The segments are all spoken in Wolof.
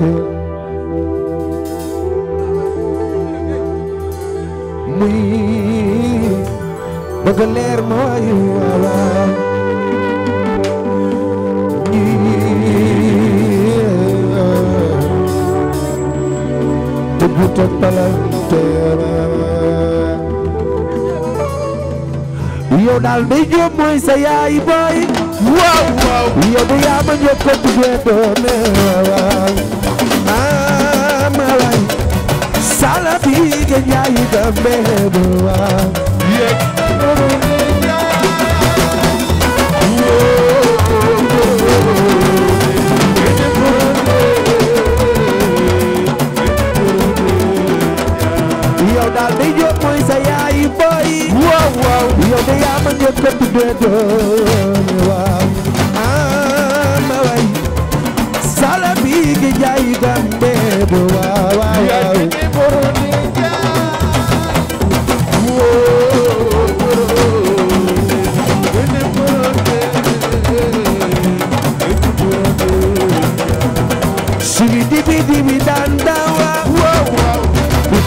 te muy bëgg leer mooy waawaaw te gut ak palanteer yow daal day jóob mooy sa yaay booy waaw waaw yow de yaa ma ñëw ko duggee doone waaw ah, maama waay sala bi nga ñaayi dambe waaw yëg yow daal day jóg mooy sa waaw waaw yow de yaa ma njëkk a tuddee doole waaw ama ah, way sala bi gi jaay gambe bo waaw waaw waaw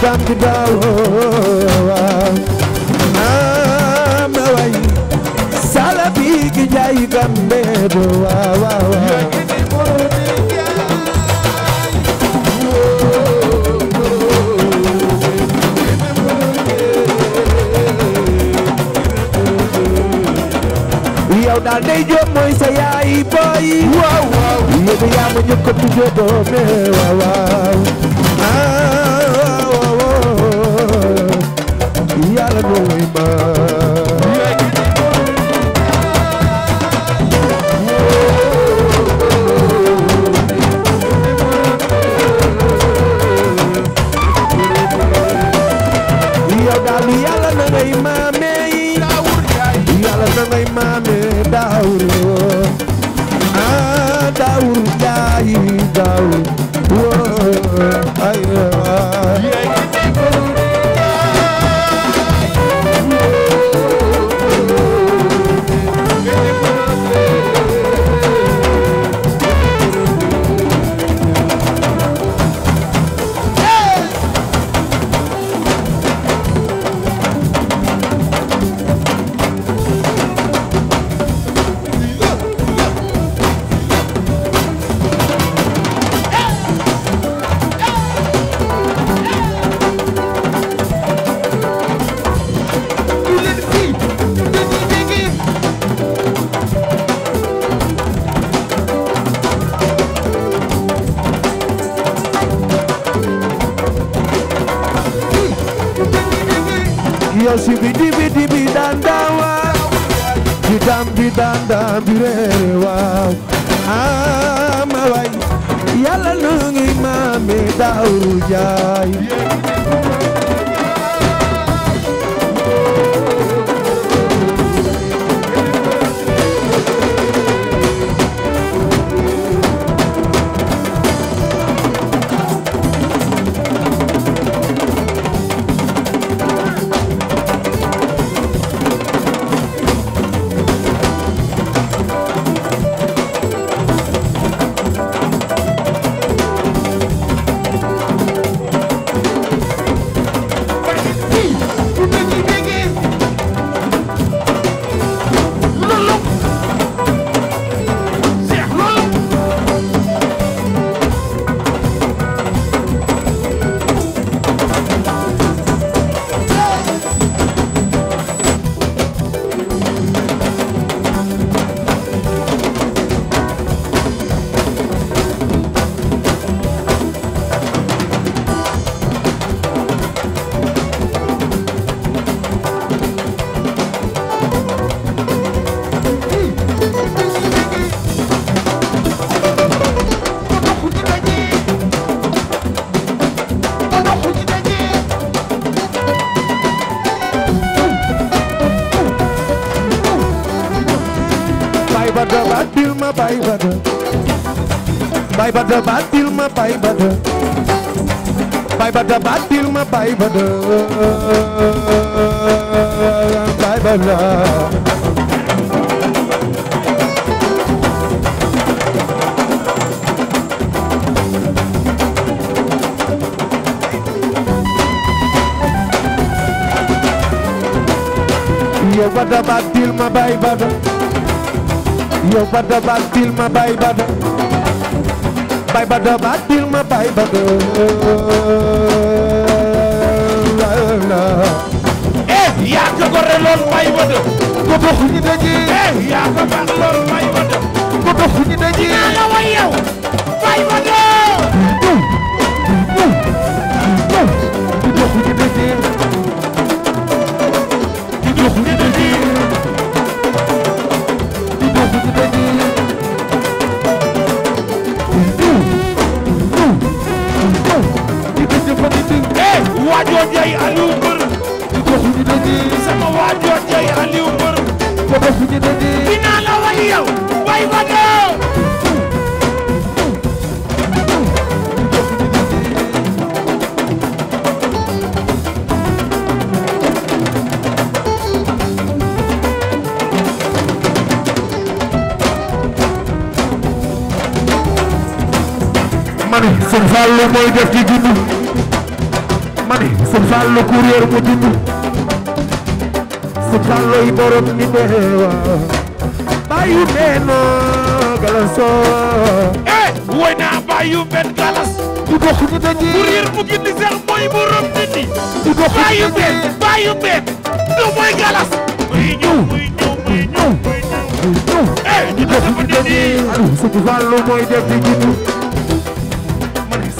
Dam di daw, wow, wow. ay gambeeɗo wawawa yow daal day jóob mooy sa yaay boy waaw waaw yóbbu yaa ma njëkk a tujjee doome waaw waaw ah waaw waaw yàlla nooy ma sibidi bidi bi danda waaw bi dam bi danda bi way ah, yàlla nu ngi maame Daawru Njaay bay ba de bay ba la yow ba da ba til ma bay ba da yow ba da ba til ma bay ba da bay ba da ba til ma bay ba da la eh yaa ko gore loon may wëdd ko dox ñu daje eh yaa ko baax loon naa la way yow koy def di dund mani sëñ Fallu Courrier mu dund sëñ Fallu yi borom ni meewa bàyyu meeno galasoo eh woy naa bàyyu meen galas du bokk ni daje Courrier mu gindi sax mooy borom nit du bokk bàyyu meen bàyyu meen mooy def di dund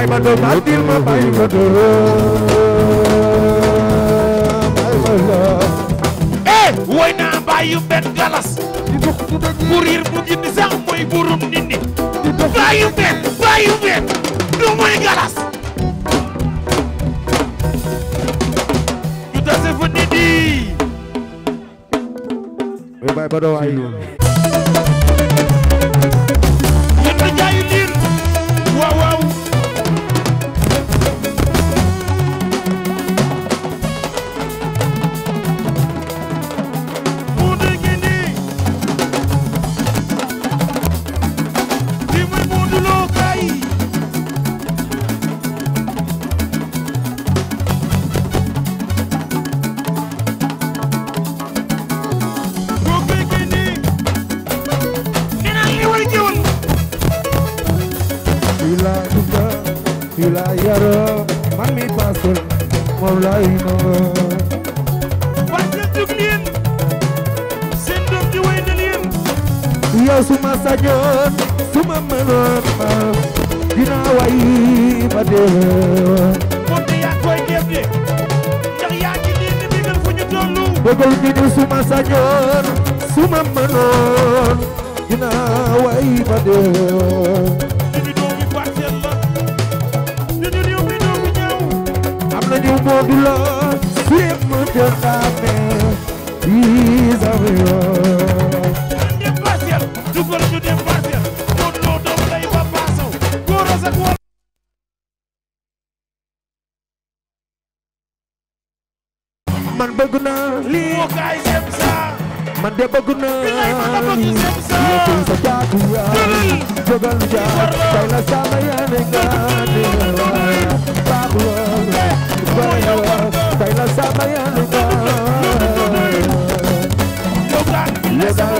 bay ma doon andil ma bay ma doon bay ma doon eh woy naa bàyyu benn galas burir bu jindi sax mooy burum nit ñi bàyyu benn bàyyu benn du mooy galas ñu tase fa nit yi bay ma doon waay sañoon su ma mënoon ma dinaa way ma deewoon moom de yaa koy def de ndax yaa ngi nii ni bigal fu ñu tollu dogal gi di su ma sañoon su ma mënoon dinaa way ma deewoon ñu doomi parcelle la ñu ñu mi doomi ñaaw am na ñu moodu la su yem ma jëndaame bii sa bëgg naa lii moo kaay sem sa man de bëgg naa lii yëkkëy sa jaatu yaay jógal jaar kay la sama yaane ngaane waay baax woon baax woon kay la sama yaane ngaane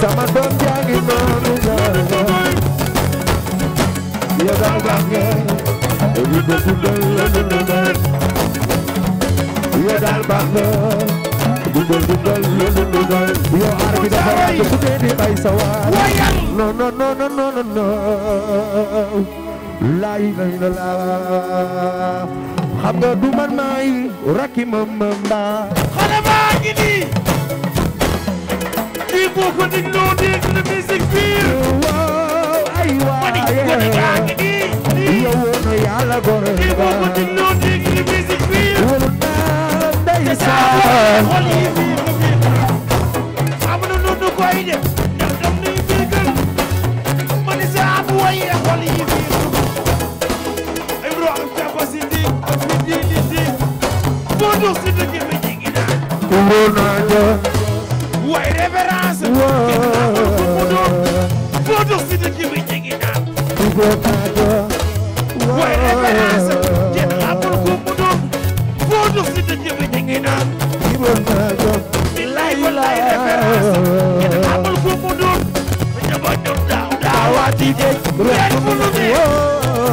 sama doom jaa ngi noonu yow daal baax nga li ma dundal la lu daal baax nga li ma dundal la lu la mel yow aar bi dafa lay la laa xam nga du rakki ma ma mbaa xale baa nii bi boo ko dégloo dégg na musique pure. waaw aywa aywa kon it yaa ngi nii. yow na yàlla gore ba. boo ko dégloo dégg na musique pure. wóor naa ndeysaan. xool yi bii mu ngi am. am na noonu ko ay def. ndax dam nañu béykat. ma ne sa am waye xool yi bii mu ngi. Ibro am capacité am fidélité. boo dox si dëkk bi jigéen. wóor naa ja. Why never Modou Sidiki bi jigi na Igo Pago Way référence Jeen xamul ku mu doon Modou Sidiki bi jigi na Igo Pago Bilaay wallaay référence Jeen xamul ku mu doon Ñaba ñu daaw daawati jéeg Yaay mu lu ne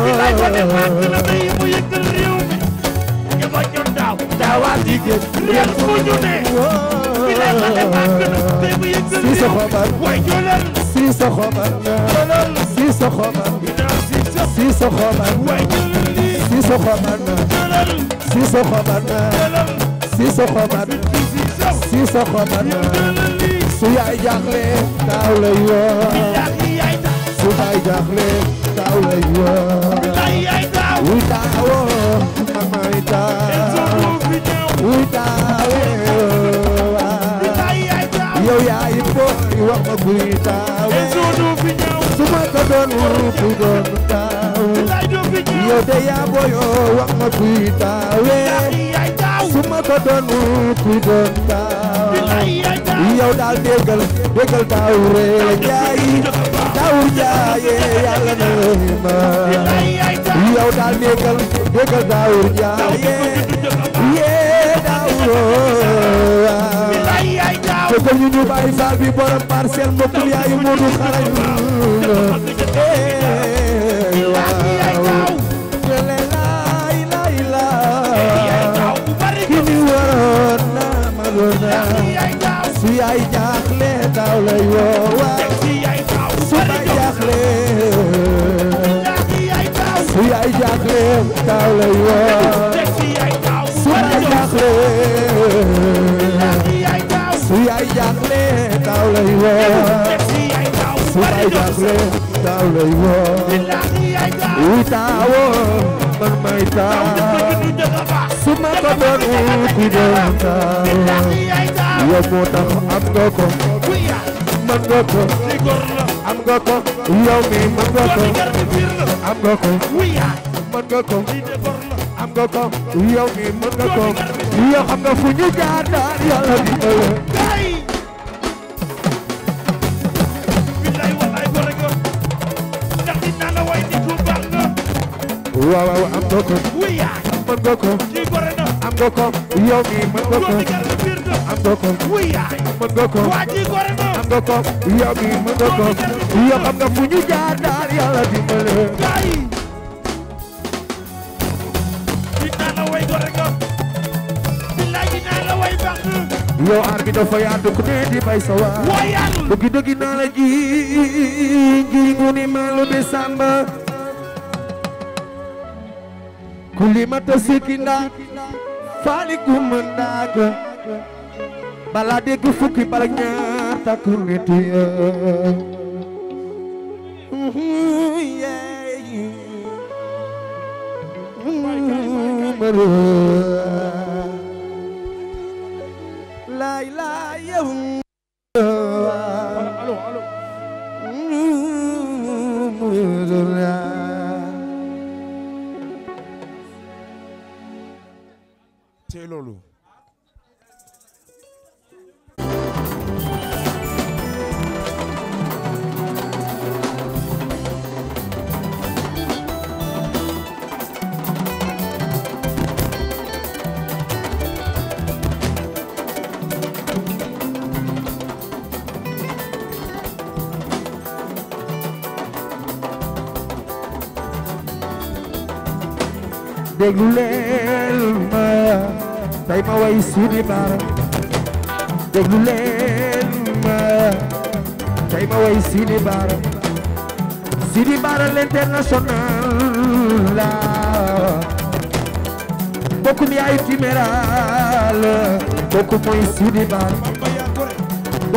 Bilaay wane maa ngi la bay mu yëgal réew waa jigéen réew mu ñu ne bilay ma ne maa gën a tey mu yëgal si sa xobar way jolal si sa xobar jolal si sa xobar si sa xobar way jolal si sa xobar jolal si sa xobar jolal si sa xobar si sa xobar su yaay jaaxle daaw la yoon su baay jaaxle daaw la yoon wi daawoo mamaay daaw Déggal daawur jaaye ko ñu ñu bàyyi faal bi borom parcelle mbokk yaayu Moodu xarañ yaay jaaxle daaw lay woowa su bay jaaxle su yaay jaaxle daaw lay woowa su bay jaaxle su yaay jaaxle daaw lay woo su yaay jaaxle daaw lay woo wuy taawoo man may taaw ma ko doon yow moo tax am nga ko man nga ko am nga ko yow mi man nga ko am nga yow mi man nga yow xam nga fu ñu jaar daan yàlla di ëllëg day billaay wallaay gore nga ndax way nit ku baax nga am nga ko mën nga ko kii gore na mën nga ko mën nga ko mën nga ko xam nga fu ñu jaar daan yàlla di ëllëg yow aar bi dafa yaatu ku ne di bay sa waar dëgg dëgg naa la ji ji mu ni maalu be samba kulimata sikinda faali kumandaag balaa dégg fukki bala ñaar takku niti yeey suudi maaram déglu leen ma tey ma way Sidi Bara Sidi Bara l'international la bokkum yaay timéral bokkum mooy Sidi Bara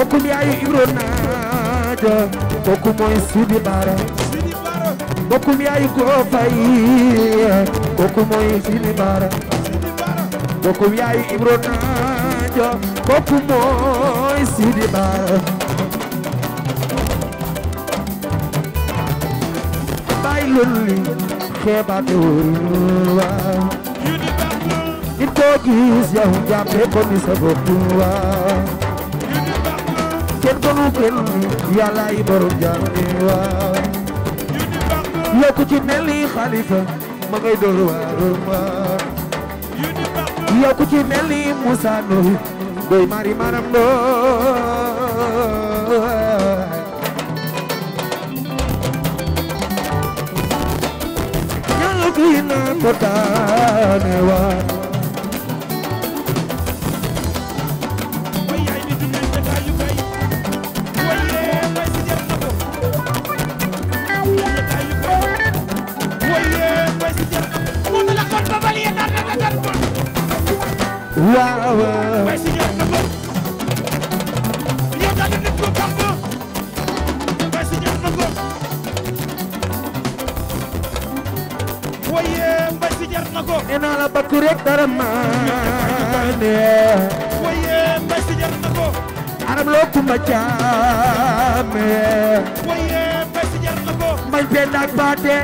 bokkum yaay Ibro Naaja bokkum mooy Sidi Bara bokkum yaay Go Faye bokkum mooy Sidi Bara bokum yaay Ibro Naajo kooku mooy Sidi Bara bay lolli xeebatewul waaw nit koo gis yow jàppe ko ni sa bopp waaw kenn gonu kenn yàllaay borom yokku ci meli xalifa ma ngay door waaw yow ku ci mel ni Moussa Ndoye Ndoye Maram Ndoye ñoo fi naan ko taanewa waaw waaw si ñëw na ko yow daal nit ko kam ko si ñëw na ko waaye naa la bakku rek dara maane waaye mbay si jar na ko aram loo kumba caame waaye mbay si jar na ko mbay benn ak baate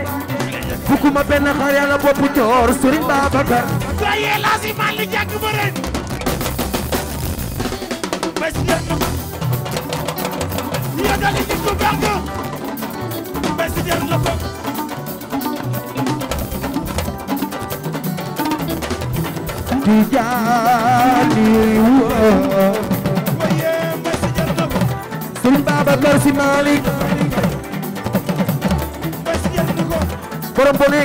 bukkuma benn xar yàlla bopp joor Serigne Babacar Soyez là si man li jàng ba ren Monsieur Yo dali nit ku baax Monsieur la ko Tijaani wo Soyez Monsieur la ko Serigne Babacar Sy Malick borom beyi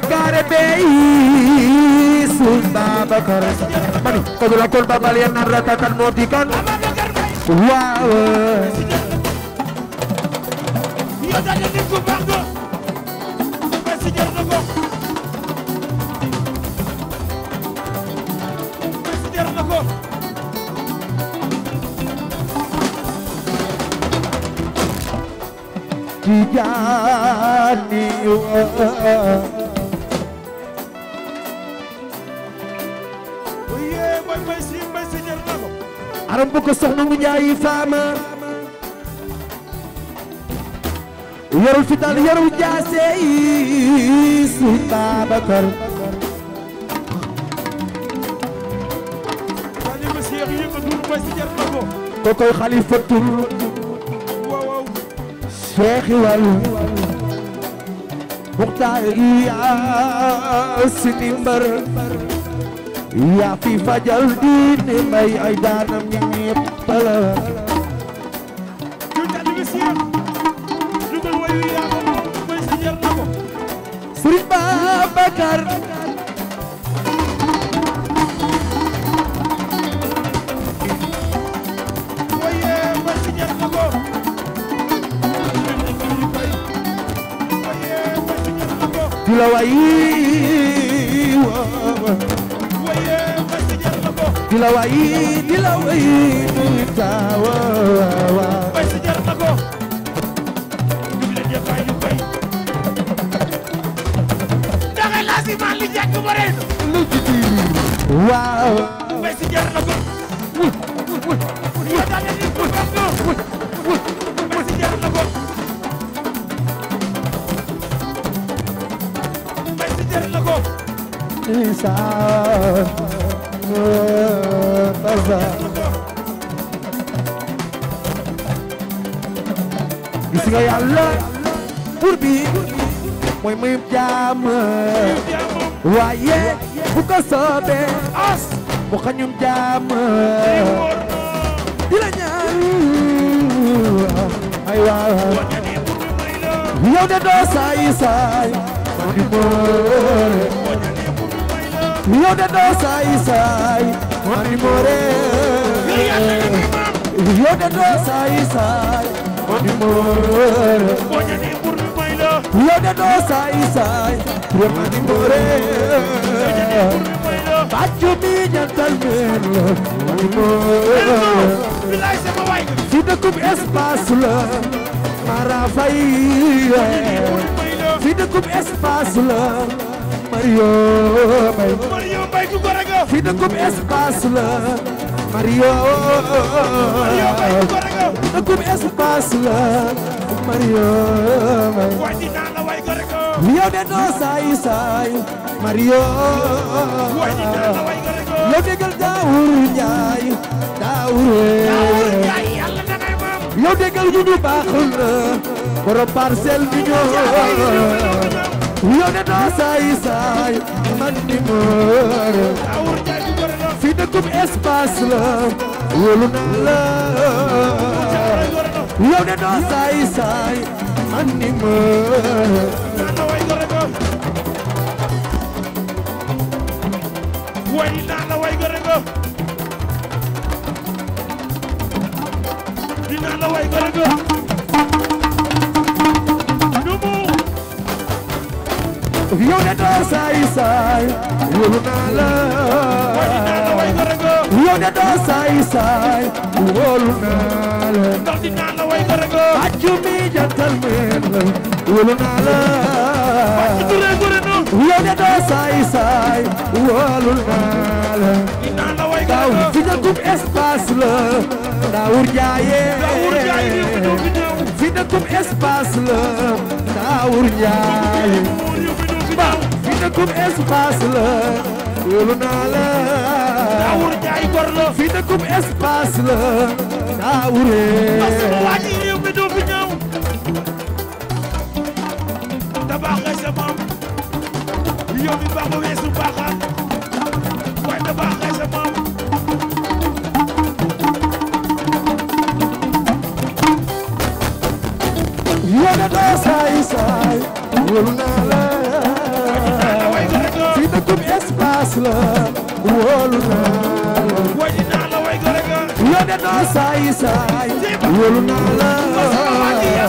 Serigne Babacar mani kadu la kol babal yen nan ratatan moo di kan waaw yow daal nit ku baax nga ba si jar na aram bëgg soxna mu ñaayi faama yarul fi dal yarul jaase yi suñ Babacar ko koy xalifatul Cheikh Walu Muxtaar yaa si timbar yaa fi fajal diine may ay daanam ñépp la Sëriñ Babacar la wayi wawa di la wayi di la wayi di tawa wawa bay si jar na ko juble je fay ñu fay da ngay laasi ma li jekk mo reen lu ci di waaw bay si jar na ko سعاد مرتضى gis nga yàlla buur bi mooy muy jaam waaye bu ko as mu xañum jaam di la ñaan ay waaw yow de doo saay saay di yow de doo saay saay mami moore yow de doo saay saay mami moore yow de doo saay saay mami moore bàccu mi jantal meen la mami moore fi dëkkub espace la mara fay fi dëkkub espace la Mario ñu gore nga fii dëkkub espace la Mario Mario Mbaye ñu gore nga dëkkub espace la Mario Mbaye waay dinaa la waay gore nga yow de doo saay saay Mario waay dinaa la waay gore nga yow déggal Daawur Njaay Daawur Njaay yàlla da ngay maam yow déggal ñu du baaxul borom parcelle bi ñoo yónnee naa saay saay man di mër fi dëkkub espace la wóolu naa la yónnee naa saay saay man di mër yow de doo saay saay wóolu naa la yow de doo saay saay wóolu naa la ndax dinaa la way dara go accu mi jantal meen la wóolu naa la yow de doo saay saay wóolu naa la dinaa la way dara go fi nga gub espace la daawur jaaye daawur jaaye fi nga gub espace la daawur jaaye nekkum espace la wóolu naa la Daawur jaay gor la fii nekkum espace la Daawure parce que waa ji réew mi doo fi ñëw tabax nga sa maam yow mi baax ba weesu baaxaat waaye tabax nga sa maam yow da doo saay saay wóolu naa la wóolu naa la wóolu naa la way gore ga yoo de noo saay saay wóolu naa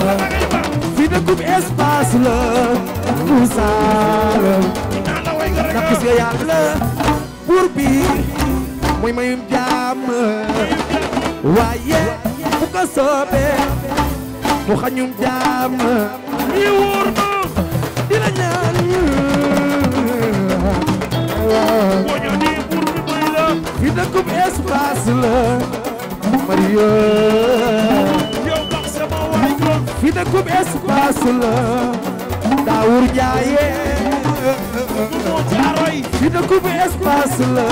la fi dëkkub espace la bu saala ndax si yàlla buur bi mooy mayum jàmm waaye bu ko soobee mu xañum jàmm mi wóor na dina ñaan waño di buur bi may la fi dëkkub espace la Mario yow bax sama waajur fi dëkkub espace la Daawur Njaaye mo jaaroy fi dëkkub espace la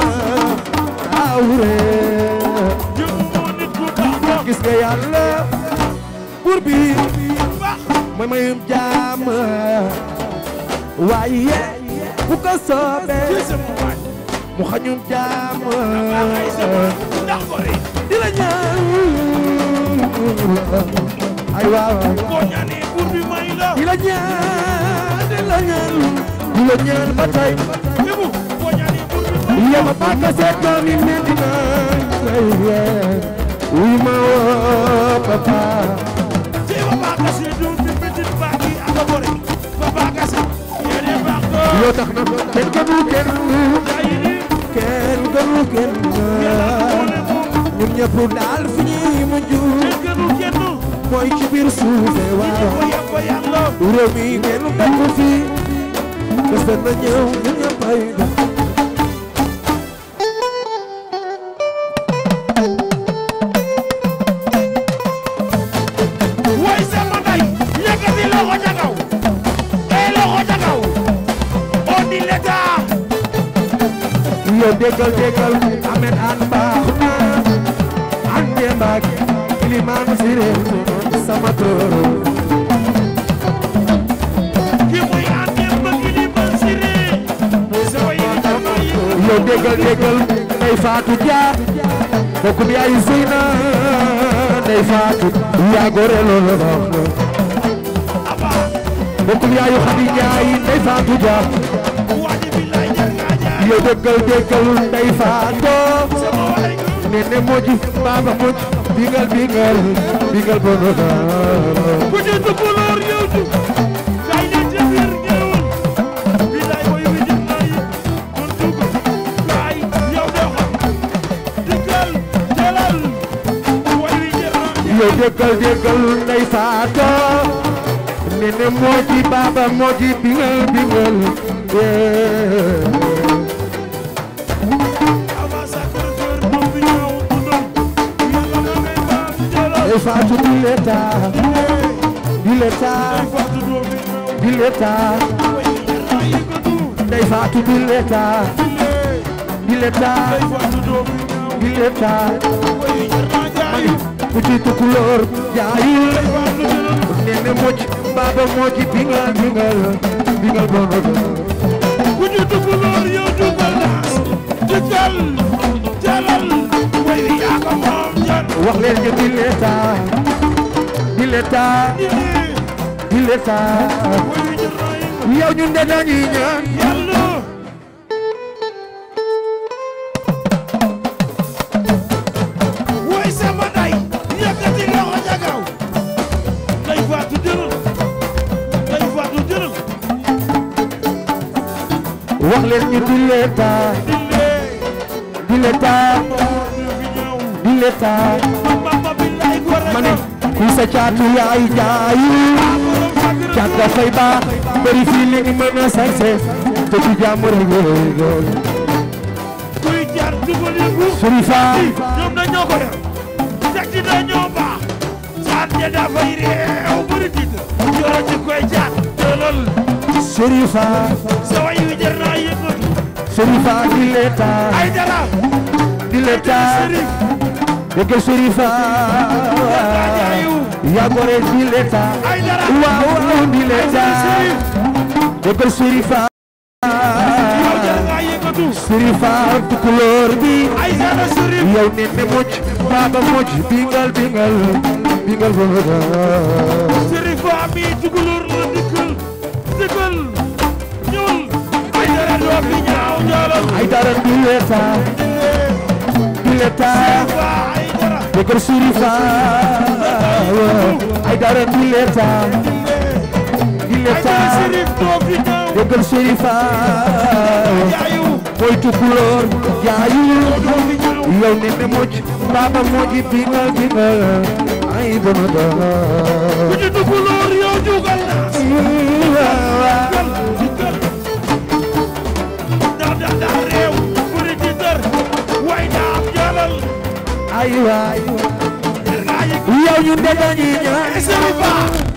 Daawure yow mo nit ku baax gis nga yàlla buur bi mooy mayum jaam waaye bu ko soobee mu xañu jaam di la ñaan ay waaw boo ñaanee buur bi may la di la ñaan di la ñaan di la ñaan ba tey lébu boo ñaanee buur bi may la yama bàkka seet doomi Medina wuy ma woo papa jéema bàkka seet doomi Medina baaki aka bore ba bàkka seet yéene bàkka yoo tax na kenn kenn gënu kenn ñun ñëpp daal fi ñuy mujj mooy ci biir suufe waaw réew mi kenn dëkk fi bés dana ñëw ñun ñëpp ay déggal déggal Ahmed an baax na an dembaak Ilimaan si réew sama toro yow déggal déggal Ndey Faatu Jaar bokk bi ay Zeyna Ndey Faatu yaa gore loolu baax na bokk bi ay Xadi Faatu Jaar yo déggal déggal ndey faatoo nene moju baaba moj bingal bingal bingal bonoda ku ci tukulóor yow tu day na ci biir géewal bi lay woy wi jëm na yi mun tugu laay yow doo xam déggal jëlal woy wi jëm na yo déggal déggal ndey faatoo nene moji baaba moji bingal bingal day faatu di letaa di letaa di letaa day faatu di letaa di letaa di letaa ku ci tukulóor jaayul nene moj baba moj bingal bingal bingal bonot ku ci tukulóor yow dugal jëkkal jalal way yaa ko moom wax leen ñu di l'état di l'état di l'état yow ñun wax leen ñu di l'état di l'état di l'état ma ne ku sa caatu yaay jaayu caat dafay baax bëri fii li mën a sañse te ci jàmm rek góor kuy jaar dugal yëngu surifa ñoom dañoo ko def teg ci dañoo baax caat ja dafay réew bëri jiit yoro ci koy caat tëlal surifa sa way yu jar naa yëngu surifa di l'état ay dara di l'état Ndeke Serifa yagore ndileta waaw ndileta Ndeke Serifa Serifa tukulóor bi yow ne ne moj baba dileta de kër Sirifa Aydara dileta dileta de kër Sirifa mooy tukulóor yaayu yow ne ne moj baba moji bingal bingal ay dama da ku ci tukulóor yow jugal na ay waay yow ñun de dañuy ñaan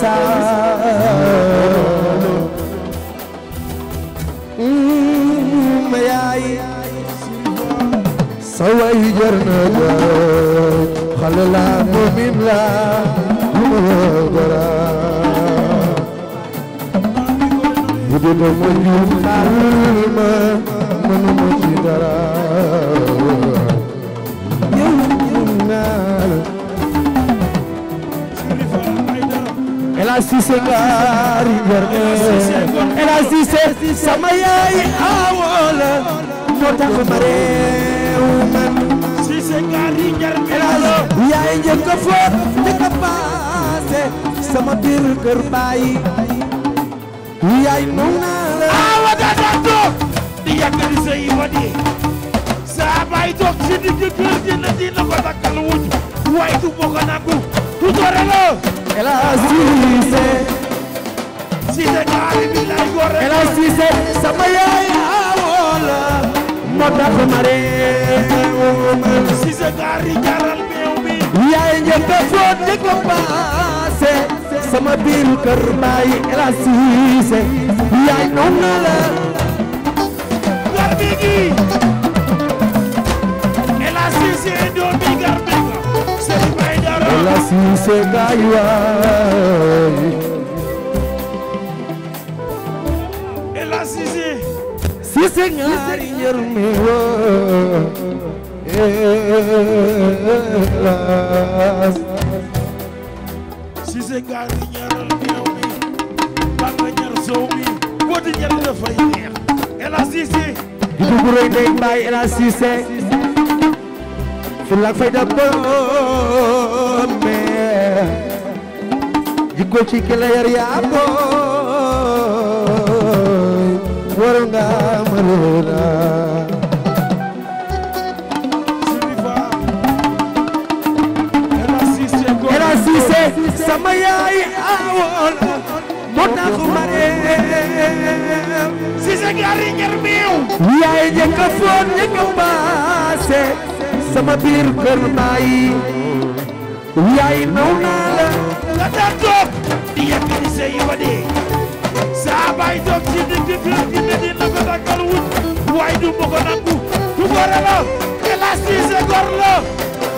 saa dafa dee saa baay toog ci digg kër gi na dina ko takkal wuj waaye du moo ko nangu du la El Hadj Cissé bi lay gore El Hadj sama yaay awoo la moo tax ma réew Cissé gaari jaral meew bi yaay njëkk a foot di ko paase sama biir kër baay El yaay noonu la Guigui El Hadji Cissé do bigar bigar Serigne Baye Dara El Hadji Cissé gaay waay El Hadji Cissé Cissé ñaari ñërmi wo El Hadji Cissé gaay ñaral ñew mi ba nga ñar sow mi boo di ñar dafay neex El Hadji Cissé dugg rëy day mbaay El Hadj Cissé fulla ak fayda boome jikko ci ki yar yaa booy war nga mënoona El Hadj Cissé sama yaay awoon moo tax ma réew si gari ñer meew yaay njëkk a foon njëkk a paase sama biir kër bàyyi yaay naw naa la nga daan toog di yàkkali sa yi wane saa baay toog ci digg biir gi ne di la ko dakkal wut waaye du ma ko nangu du góor la hélas si sa góor la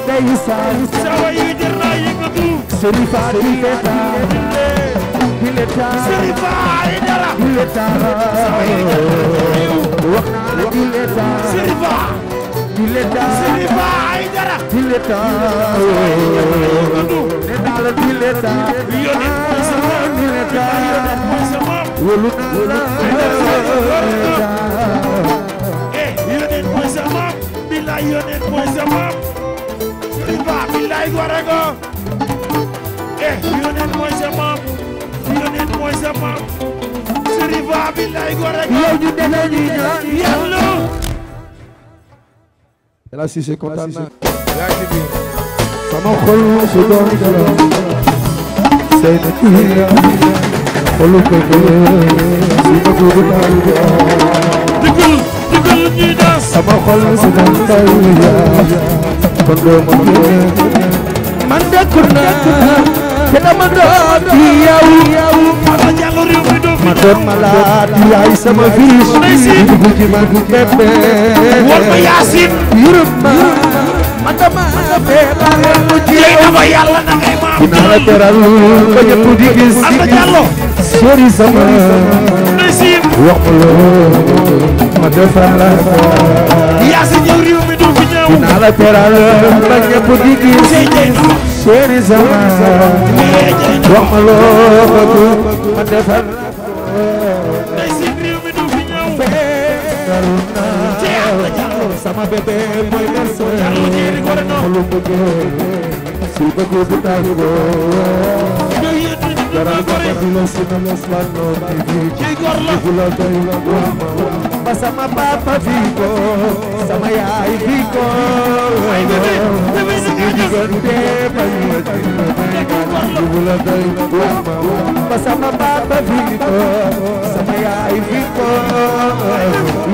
day saa sa wayu jër naa yëngatu sëriñ Fatou Feta Serigne Ba ay dara sama yi wax naa la Serigne Ba Serigne Ba ay dara sama yi jël sama yi jël sama sa maam Serigne si c'est kontaan naa. yaa ngi biir. sama xol su doon jëloon. sey na kii xolu ko si ma xol su doon jëloon. kon doo ma mën. man dëkk dama doon ci yow Fata Diallo réew mi doo fi ma doon ma du bébé wol ma yaasin ma ma dama feebar mu ci yow dama yàlla na ngay maam dina la teral ma loo ma defal la yaasin yow seeni zaman wax ma loo bëgg ma defar sama bébé mooy garçon lu bëgg su bëgg bu tàggoo dara ma bëgg la si na les la noonu di di la doy la ba sama papa fii ko sama yaay fii ko way na de ñu digoon dee ba ñu ma ci bu la doy ba sama papa fii ko sama yaay fii ko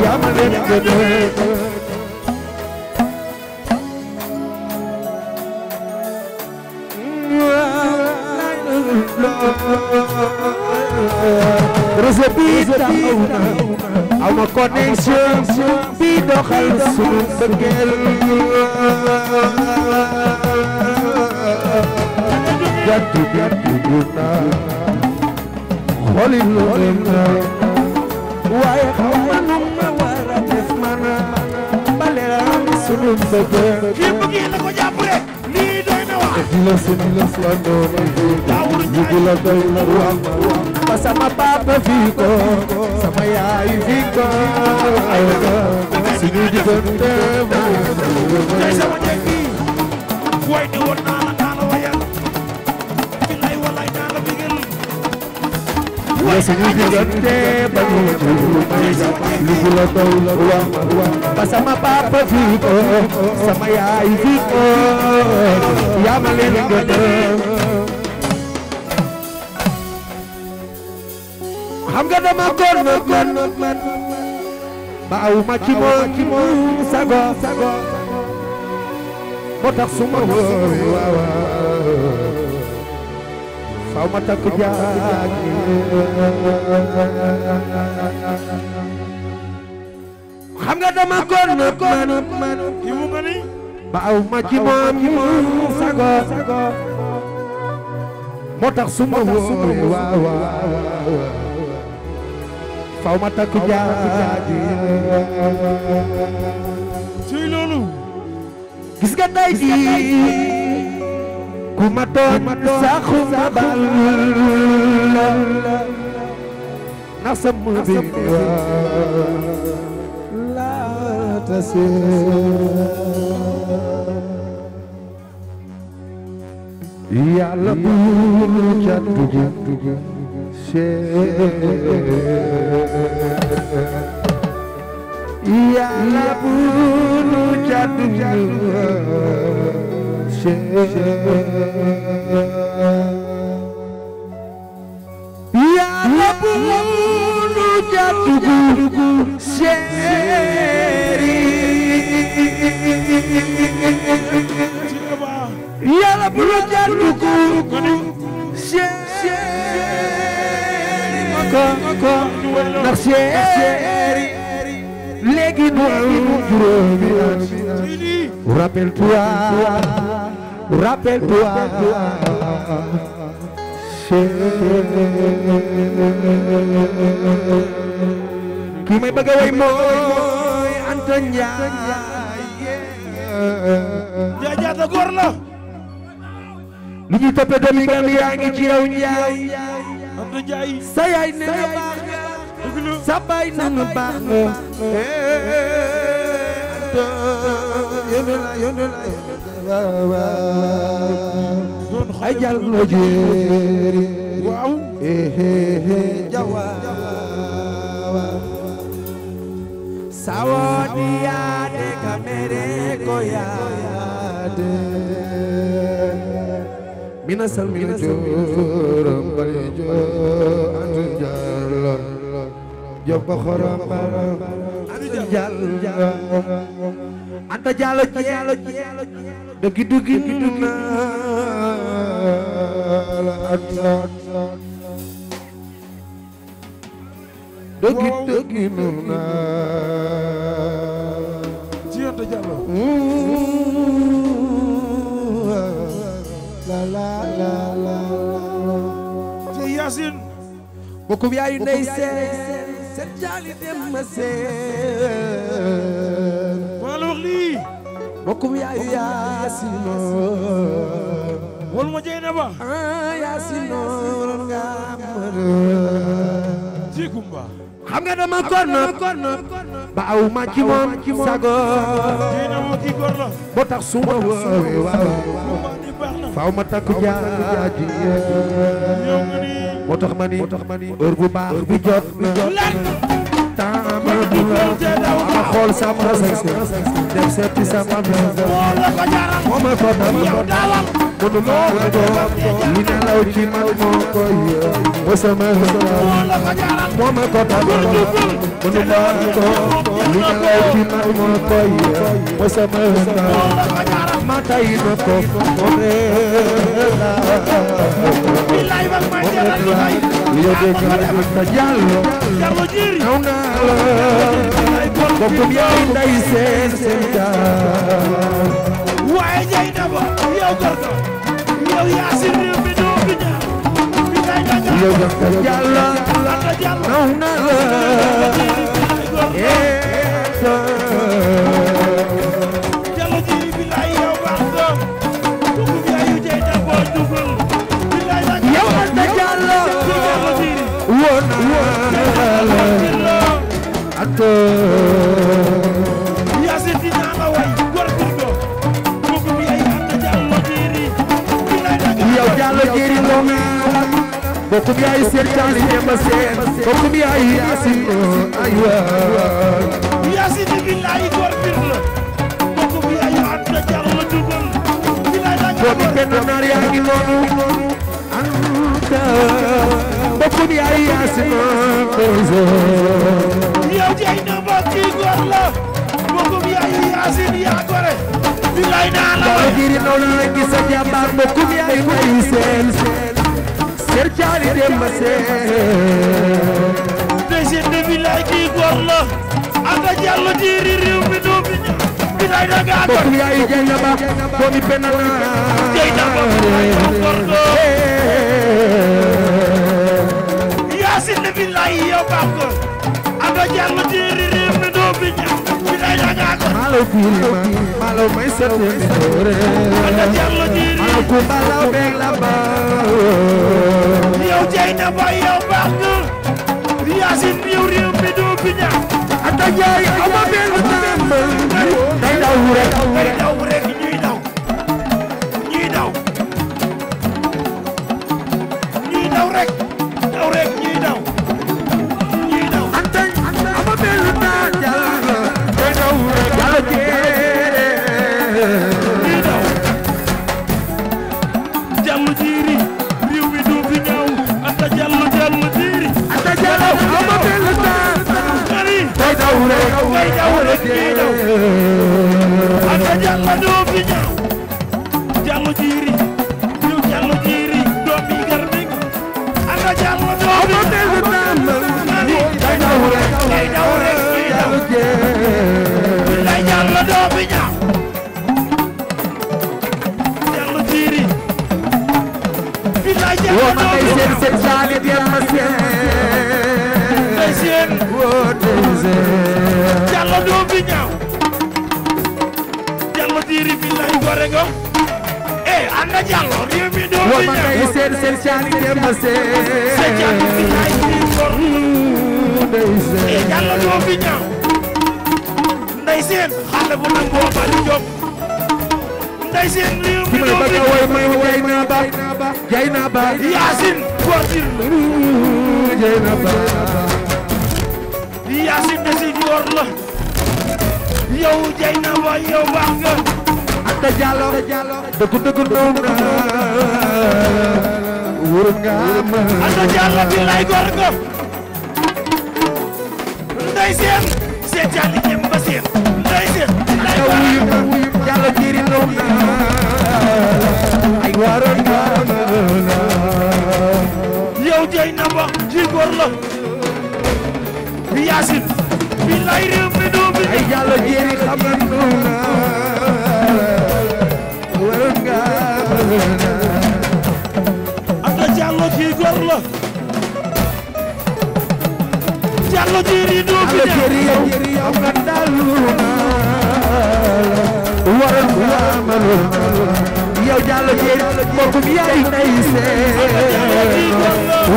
yaa ma leen ko waxal sunu bëggeel gàttu gàttu duna xoli loolem na waaye xaw ma nu ma war a def mana baleeram sunu bëggeel kii bëgg yàlla ko jàppale lii doy na wax di la sunu la sunu doom di la doy na wax sama papa fii ko sama yaay fii ko ma tey sama jeeg bi way di woon naa la naa la wayal billaay la bigel la daw la wa ba sama papa fii ko sama yaay fii yaa ma leen gëdd xam nga dama góor na góor ba aw ma ci moom sago sago moo tax su ma wóoree waaw faaw ma takk jaagi xam nga dama góor na góor yi mu nga ni ba aw ma ci moom sago sago moo tax su ma wóoree waaw faw ma takk jaaju suy loolu gis ku ma doon saxu ma bal na sama bi laa tasee yàlla buur ca dugg Yàlla bu nu jàddu Yàlla bu nu jàddu Yàlla bu nu jàddu ko ko ndax may bëgg a mooy Anta Ndiaye jaajaata góor lu ñuy toppe domi ngam yaa ci yow Ndiaye Fatou sa yaay yaade kamere ko yaade mina sal mina jooram bari joo anu jàlloon jobba xorom baram anu jàlloon anta jàllo jàllo dëggi duggi naa la anta dëggi dëggi naa ci anta jàllo ci Yaasin bokkub yaayu ndey seen seen jaali dem ma seen maa la wax lii bokkub yaayu Yaasinoon ma jey ba ah, Yaasinoon nga mërë ci kumba ba aw ma ci moom sago jey na moo kii korno boo tax suma woowe waaw faaw ma takku jaaji moo tax ma ni heure bu baax bi jot na temps ma du la ma xool sama sexe def seeti sama benn moo la ko jaral moo ma ko dal yow dawal munu maa la doon li nelaw ci man moo koy yee mosama xalaat moo ma ko tabal munu maa la doon li nelaw ci man moo koy yee mosama xalaat ma tay na ko mooree la mooree la yow de gàllankoor ta jàllo naw naa la bokkum yaay nday seen seen daa. waaye jay na ba yow gorgo yow yaa si réew mi doo bi ñaar bi kay daga yàlla la yàlla naw na la Ate kokum yaay seen caali ñemba seen kokum yaay yaasin aywa yaasin billahi góor bir la kokum yaay ànd na jar la dugal boobu benn naar yaa ngi noonu anta kokum yaay yaasin kozo yow jaay na ba kii góor la kokum yaay yaasin yaa gore billahi naa la waaye jiri noonu la gis sa jàmbaar kokum yaay may seen Cheikh Thialy Demba Sèye président de village kii góor la Anta Diallo jiiri réew mi doo fi ñëw bilaay da ngaa gor yaay jeng ba ko mi doo fi ñëw bilaay da Malaw Birima Malaw may sete Mbore Malaw ku Malaw beeg la baaw yow jey na ba yow baax nga Yaasin yow réew mi doo bi ñaax ata jaay ama benn tàmbal day daw rek day daw rek ñuy daw ñuy daw ñuy daw rek daw rek Amadu bi ñëw jàmm jiiri ñu jàmm jiiri doom yi gar bi ana jàmm doom yi dañu daw rek jiiri bi la jàmm gore nga eh Anda Diallo réew mi do wa ma ngay seen seen caani dem ba seen seen caani bi tay ci ngor eh Diallo doo fi ñaaw nday seen xale bu nangoo bari jom nday seen réew mi do fi ba jay na ba Yacine la yow jay na ba yow baax te Diallo dëggu dëggu doom na wóor nga ma ana Diallo bi lay góor nga nday seen seen Diallo jëm ba seen nday seen lay jiri doom na ay yaasin bi lay bi ay Diallo jiri xam na la Diallo Diéry doo fi ñëw Diéry yow yow nga dalu waram la malu yow Diallo Diéry mbokk mi yaay nay see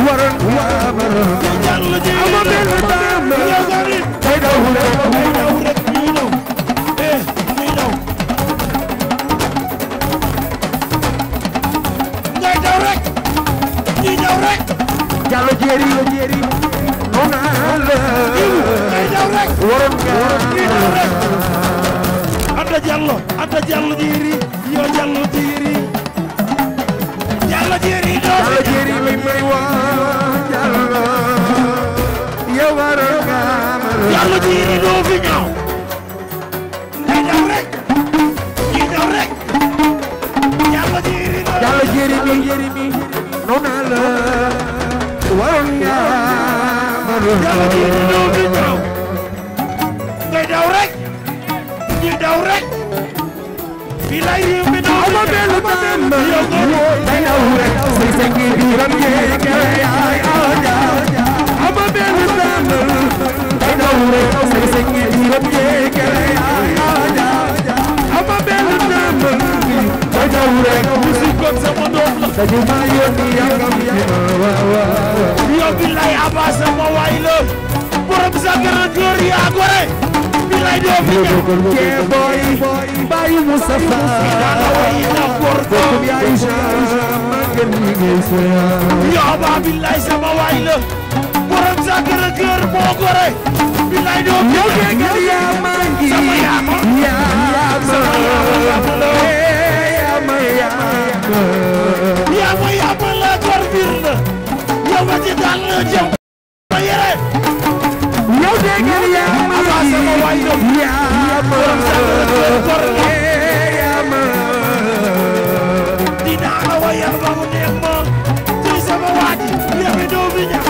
waram la malu yow Diallo Diéry ama benn daam day daw rek la jëri noona la waroon nga rek Anta Diallo Anta Diallo jëri yoo Diallo jëri Diallo jëri Diallo jëri li may wax Diallo yow waroon nga Diallo jëri doo fi ñëw yàlla ji di daw di daw ngay daw rek di daw rek bilay réew mi daw ma benn ma benn yow ngay daw rek si sa ngi biiram yee kere yaay aw jaaw ama benn benn ngay daw rek si sa ngi biiram yee kere yaay aw jaaw ama benn benn ngay daw rek doon sama doom la. te ñu maa yónni yaakaar ni ma waaw waaw. yow bi lay abbas sama waay la. borom sa gërëm góor yaa gore. bi lay doo fi ñëw. kee booy bàyyi Moustapha. daanaka waay na góor góor. Aïcha maa gën ñi ngay seeyaa. yow ba bi lay sama waay la. borom sa gërëm góor moo gore. bi lay doo fi ñëw. yow yaa maa ngi. sama yaa ma. yaa ma. yaa ma yaa ma la góor biir na yow ma ci daal la jëm ma yére yow dégg nga yaa ma avancé ma waay yow yaa ma góor la yaa ma dinaa la wayal ba mu neex ma ci sama waa ji yëfi doo bi ñax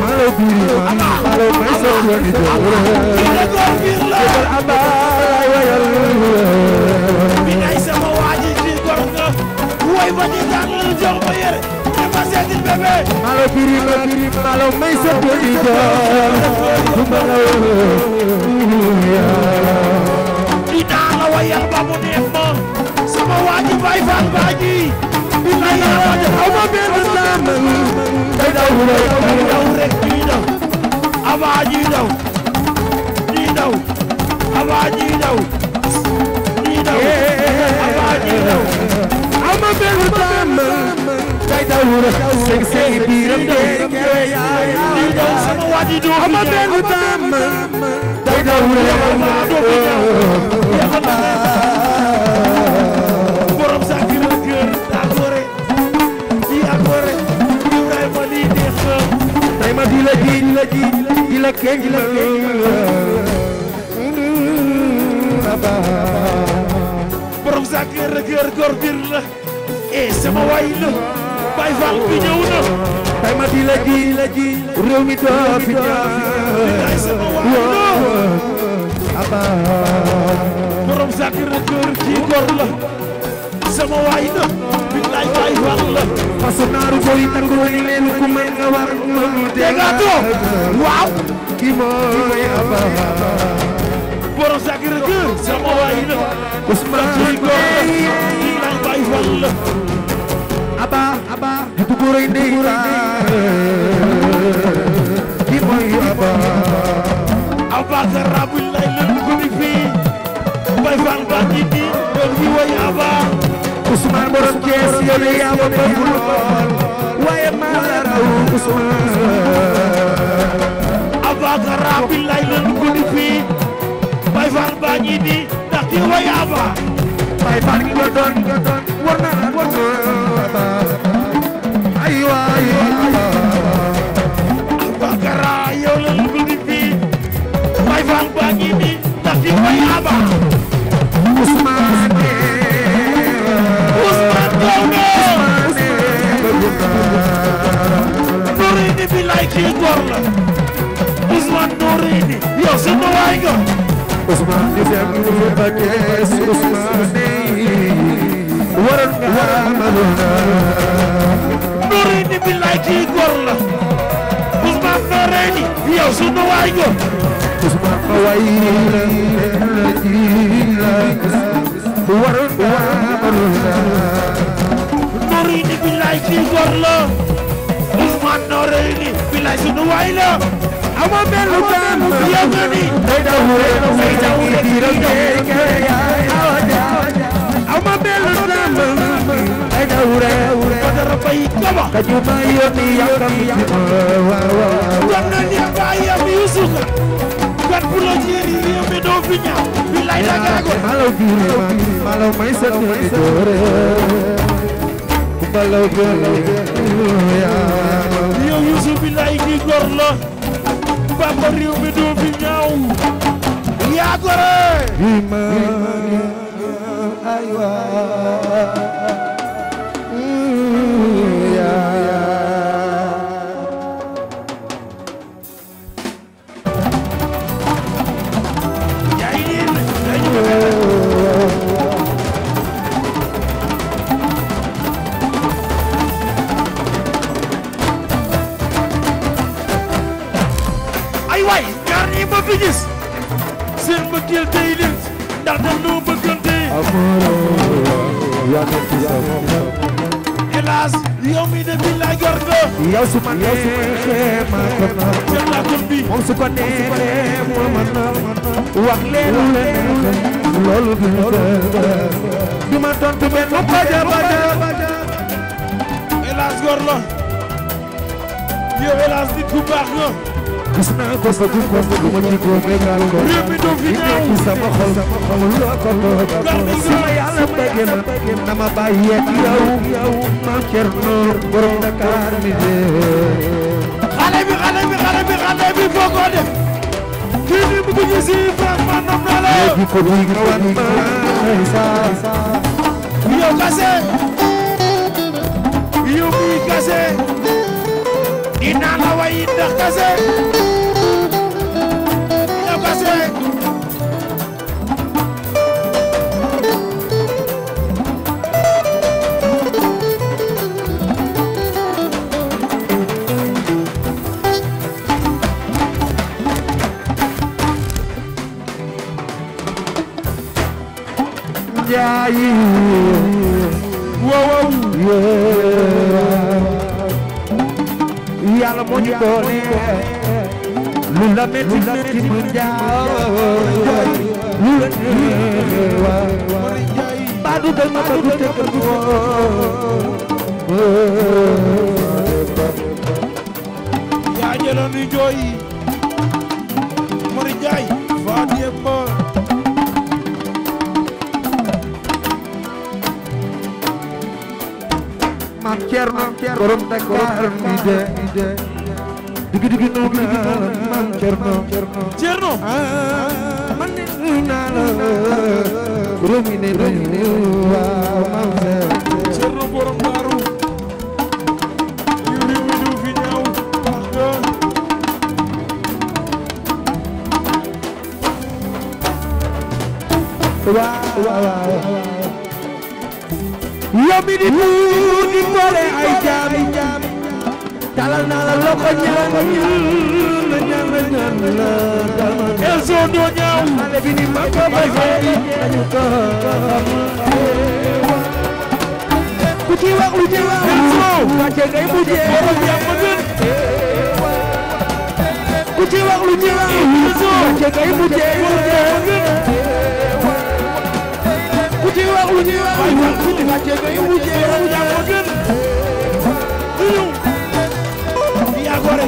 ma la biir ma ma la may sa góor di góor la góor biir la abaa wayal woy ba ñu tàng lu jox ba yére ñu ma seeti bébé malo biri ma biri malo may sa bébé du malo dinaa la ba mu neex ma waaji bay faal baaji dinaa la waaji aw ma benn saamal day daw rek day daw rek ma bëgg tàmm day dawur sëg sëg biiram dee sama waa ji joo ma bëgg tàmm day dawur borom sa kër kër akore di akore Ibrahima li neex day ma di la ji la ji di la kenn di la kenn borom sa kër kër góor biir la eh sama waay la Baye Fall bi ñëw na tay ma di la ji la ji réew mi doo fi ñëw sama waay la aba borom zakir na kër ci góor la sama waay la billaay Baye Fall la faso naaru boy tango ni leen ku may nga war mu degato waaw ki mooy aba borom zakir na kër sama waay la Ousmane ci góor la walla aba aba du guray ndeytaan ki mooy aba aba sarabu lay leen ko mi fi bay fan ba di di wi way aba Ousmane borom kees yone yaa ma bëgg lool waaye maa la raw Ousmane aba sarabu lay leen ko mi fi bay fan ba di di ndax ki way aba bay fan ki ko doon Ousmane waral nga amalul naa. Noreyni billaay kii góor la. Ousmane Noreyni. yow sunu waay nga. Ousmane ma waay la la ji la. waral nga amalul naa. Noreyni billaay kii góor la. Ousmane Noreyni. billaay sunu waay la. amoo benn yow nga ni. day daw rek day daw rek ma mel lamba ay dawre ko dara bay kaba ka ju ma yoni yakam wa wa kon na ni bayam yusuf gat bu la jeri réew mi doo fi ñaaw billahi da ga ko malaw biire malaw may set ni doore ku balaw balaw ya yow aywa yow su ma neexee maa ko naan moom su ko neexee maa ma naan wax leen leen loolu du ñu dëgg du ma tontu benn baja baja hélas góor la yow hélas nit bu baax nga gis naa ko sa jikko bu ma jikko bégal ko ci sama xol amul loo ko toogal su ma yàlla bëggee ma na ma bàyyi ak ma cerno borom Dakar mi dee xale bi xale bi xale bi xale bi kii ni bu ñu si fam ma nam na la léegi ko bi nga wan ma sa yow kase yow mi inaan la way ndax kase ndax kase Yeah, yeah, yeah. Whoa, whoa, yeah. mu doone mu jaay lu ma ba du te ko yaa jëloon ni jooy Mori Njaay digi digi no na man cerno cerno man ne na la romi ne ne wa ma cerno borom baru yuri wudu fi ñaw wa wa wa yomi di di bole ay jami jami talal naa la loxo ñaan la ñaan la ñaan la dama eso do ñaaw xale bi ni ma ko bay fay dañu ko ku ci wax lu ci wax eso wàcce ngay mujjee borom jàmm gën ku ci wax lu ci wax eso wàcce ngay mujjee borom jàmm gën ku ci wax lu ci wax wàcce ngay mujjee borom jàmm gën yaa gore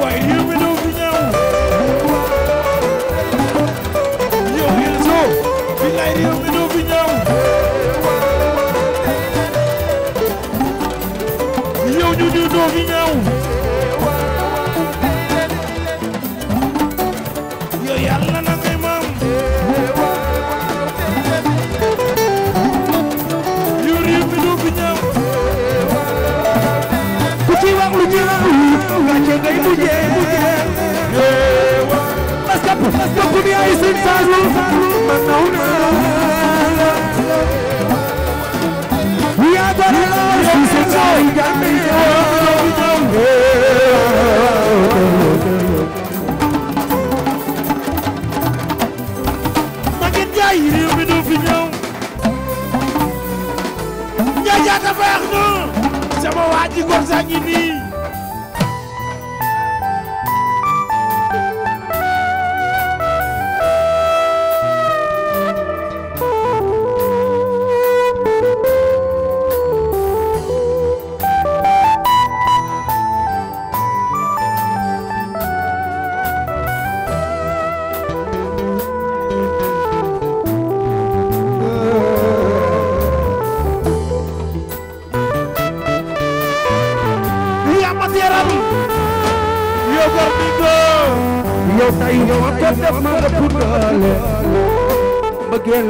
waaye réew mi doo fi ñaaw yow Elzo billaay réew mi doo fi ñaaw yow ñu ñu doo fi ñaaw Sëñ Faalu ma naw naa la yaa bari lool si sa jaay jàmmi Maguette Ndiaye réew mi doo fi ñëw Ndiaye jaata baax na sama waa ji góor saa ngi nii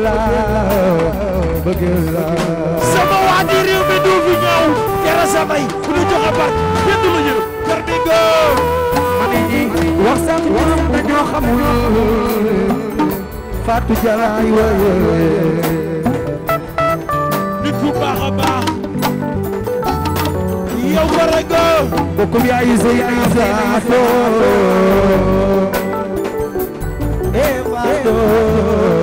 bëggee waa ji réew mi du fi ñëw kera samay ku ñu jox a baat du la yërëm kër bi go xale yi wax sax waram dañoo xamul Fatou Jalaay waye nit ku baax a baax yow bara go bokkum yaay Seyni Sato e Fatou eh,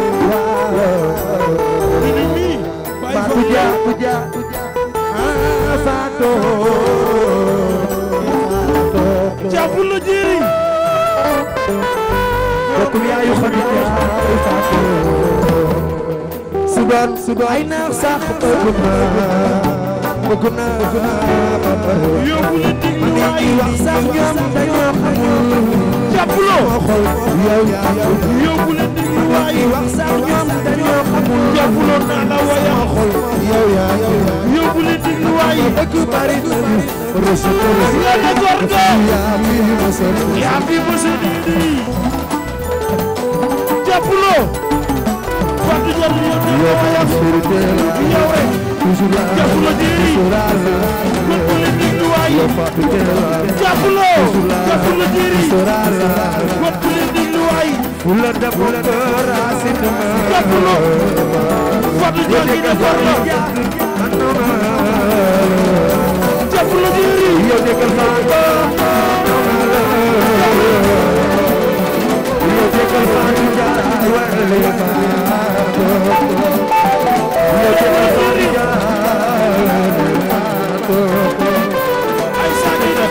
ay naar sax bëgg naa bëgg naa bëgg naa bëgg naa bëgg naa bëgg naa bëgg naa jàppuloo yóbbu leen nit ñi waaye wax sax ñoom dañoo xamul jàppuloo naa la waya yóbbu leen nit ñi waaye dëkk bari nga ne gorgo yaa fi mësa dindi jàppuloo fàttu jot yoon ne waya yow rek jàppuloo jéeri yow Fatou Gueye jàpp loo jàpp la jëri wopp leen déglu waay fula dabula rasin ma jàpp loo Fatou Gueye defar la jàpp la jëri yow déggal ma yow déggal Fatou Gueye wala yow Fatou yow déggal Fatou Gueye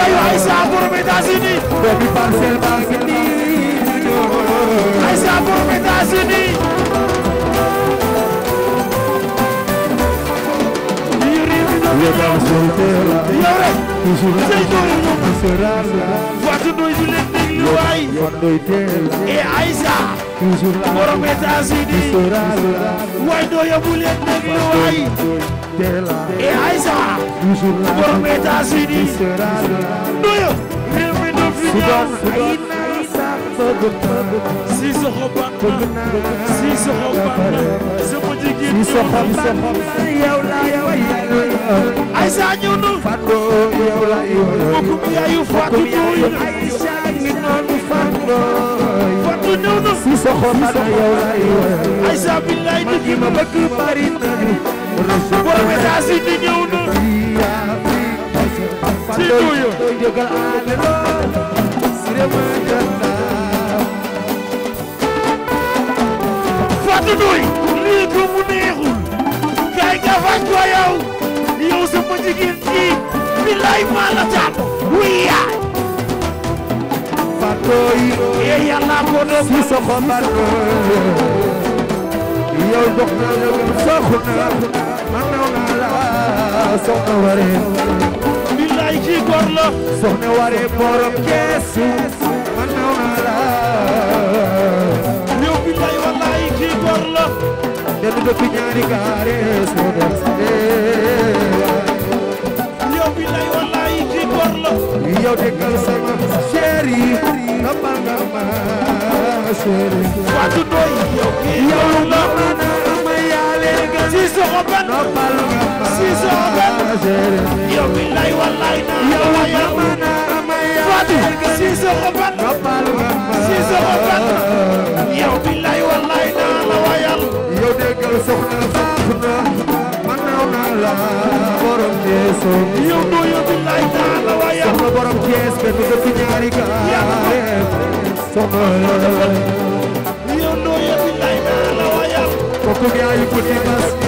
Aïssa borom États-Unis Levar solteira Encerrar Voto do Iduletinho Luai E Aiza Moro Metazini Uai doia mulher negro Luai E Aiza Moro Metazini Doia Remi do Vinhão Aina Sisa Robana Sisa Robana Sisa Robana Sisa Robana di soxal yow la yow ay sa ñu nu fando yow la yow ko mi ayu fatu ñu ay sa ngi noonu fando fatu ñu nu si soxal yow la yow ay sa billahi du gi ma bëgg bari na boo me da si di ñëw nu si ñuyu jogal ane lo sire ma jalla fatu ñuy ko mu neexul kay nga faj ko yow yow sama jigéen ji billaay maa la jàpp wiyaay fatoy ye yàlla ko do bu soxo barko yow dox na la soxo na man naw na la soxna ware billaay ki góor la soxna ware borom keesu man naw na la yow billaay wallaay ki góor la danu doppi ñaari gaare soo dem sale yow billahi wallahi di bor la yow dekkal sama chéri nga banga ma chéri Fatou Ndoye yow yow la mana ma yaale nga si soxo ban no bal nga si soxo ban chéri yow billahi wallahi na yow la mana Fatou Cissé Obat Cissé Obat yow billahi wallahi naa la wayal yow déggal soxna soxna manaw naa la borom Thiès yow doo yow billahi naa la wayal soxna borom Thiès ka du dëkk ñaari ka soxna yow doo yow billahi naa la wayal kooku yaayu ko di mas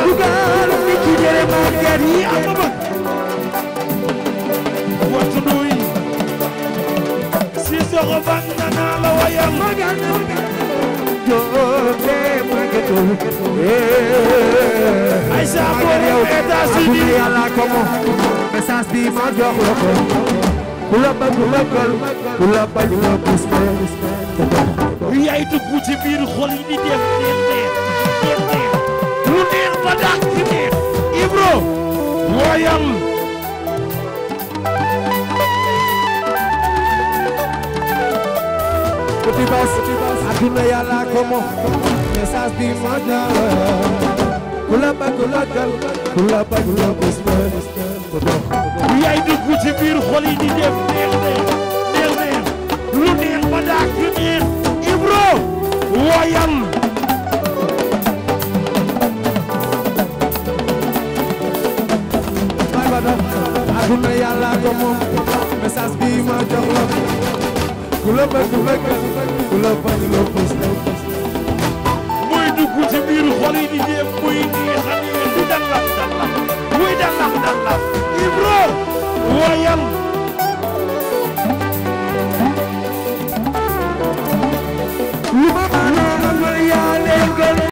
dugal mi ci dere màggat yi am na bëgg wattu nuy si soxo bang na naa la wayal màggat joote màggatu ay sa boole États-Unis yàlla ko mo message bi ma jox la ko ku la bëgg bëggal ku la bañ la bus yaay dugg ci biir xol yi di def neex neex lu neex ba dàq ci neex Ibro wooyal Petit Bass adduna yàlla ko moom message bi ma dara ku la bëgg la gal ku la bëgg la bés bu yaay dugg ci biir xol yi di def neex neex neex neex lu neex ba dàq ci neex Ibro wooyal bu ne yàlla ko moom message bi ma jox la ku la bëgg bëgg ku la bañ loo pus muy dugg ci biir xol yi di jéem yi di dallax dallax muy dallax dallax Ibro wayal lu ma mën a amal yaa leen gën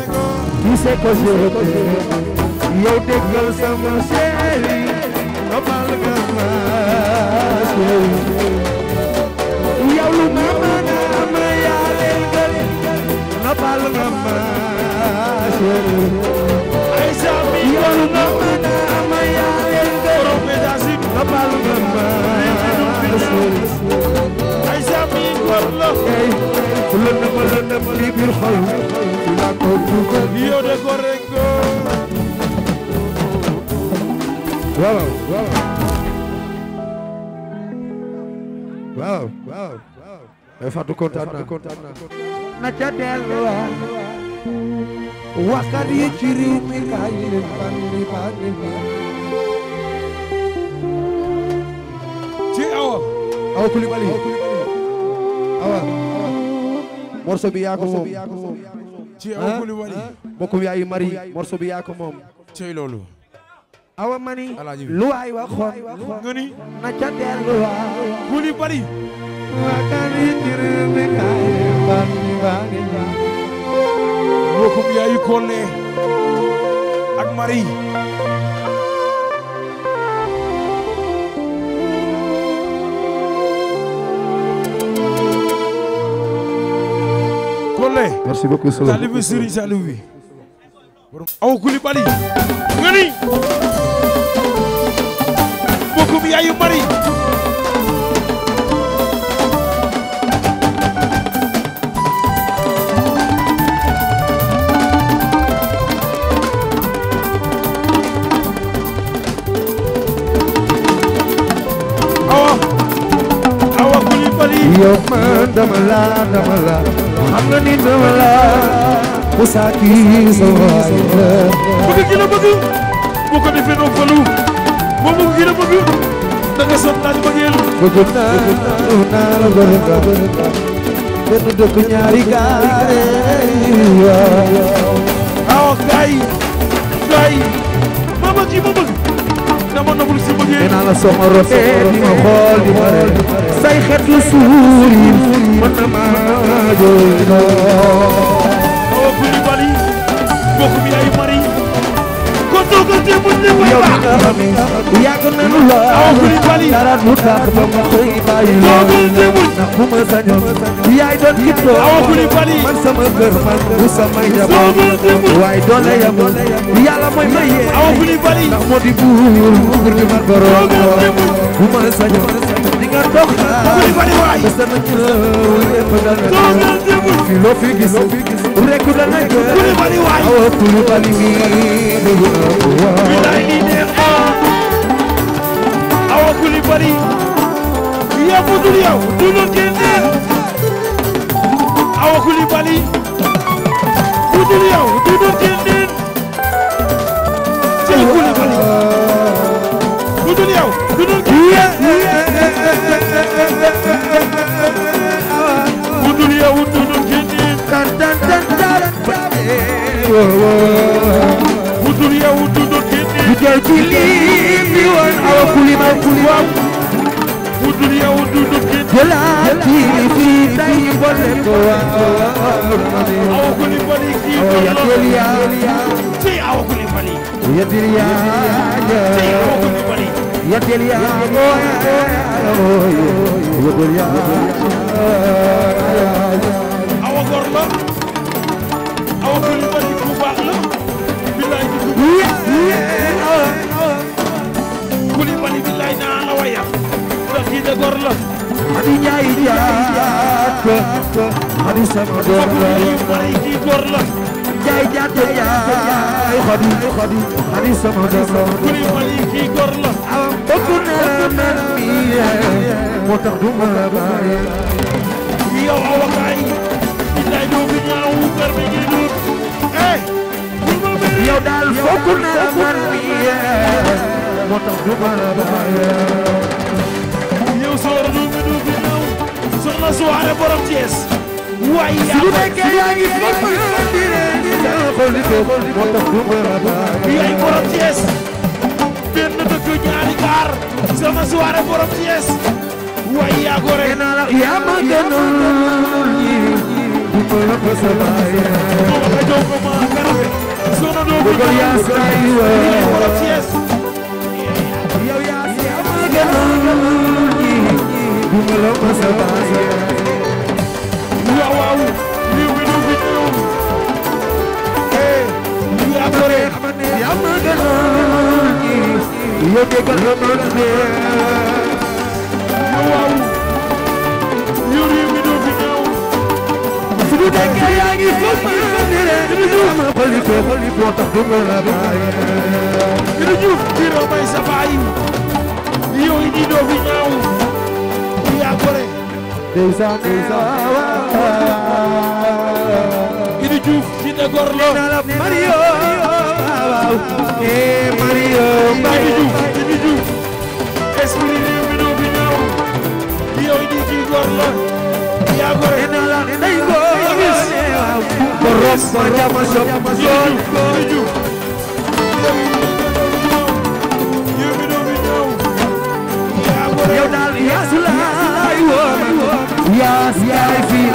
tu sais que je reconnais yow sama chéri nopal nga ma chéri lu ma mën a am yaa leen gën nopal ay sa mi ay sa mi war na ma biir xol Rio de Correngo waaw waaw waaw waaw waaw Fatou kontaan naa kontaan na ca delluwaat waxtaan yi ci réew mi kaay leen bandi bandi ci awa awa Coulibaly awa morso bi yaa ko moom ci awa Coulibaly mbokkum yaayu mari morceau bi yaa moom cey loolu awa mani lu waay waxoon nga ni na ca dellu waaw Coulibaly wakani jirmi kay bani bani mbokkum yaayu kolle ak mari Soble. merci beaucoup Soble taalibe Serigne Saliou bi. aw Koulibaly. nga ni. mbokkum yaayu Marie. yow man dama la dama la xam nga ni dama la Moussa kii sa waay la bëgg gi la bëgg bu ko defee doo falu moom bëgg gi la bëgg da nga sonn laaj bëggeel bëgg naa naa la bëgg nga benn dëkk ñaari gaare awa gaay gaay mama ji ma bëgg dama nabul si bëggee dinaa la soxla rotee di ma xool di ma ree say xet la suur yi man maa jooy noo awa Coulibaly mbokk mi ay mari ko toogal te mun ne way baax yàgg nanu la awa Coulibaly dara mu tax ba ma koy bàyyi toogal te mun na ma sañoon yaay doon ki toog awa Coulibaly man bu sama njaboot waaye doole awa Coulibaly ndax moo di buur buur di man ma sañoon Ku dul yow Yadiria, Yadiria, Yadiria, Yadiria, يقول يا موي يقول يا aw góor la aw góor yu bari bu baax la billaay ku li bari billaay naa la waya ndax kii de góor la Xadi Njaay jaak Xadi sama góor la jaay jaate yaay xadi xadi xadi sama doom ku ne wali kii gor la bokk naa man mi moo tax du ma bàyyi yow awa kaay billaay doo bi ñaaw kër bi ngi dut eh yow daal bokk naa man mi moo tax du ma bàyyi yow soor du bi du bi ñaaw soxna su waare borom Thiès waaye yaa ngi moo tax du ma rabaay bi ay borom du ma la Idi Diouf ci ne gor la Mario waaw eh Mario Mbaye Djibi Diouf esprit réew mi bi ñëw yow di ci góor la yaa góor ne la day góor ne waaw borom ma jama sop góor Djibi Diouf yow mi bi ñëw yaa góor yow daal yaa su laay woon yaa su laay fii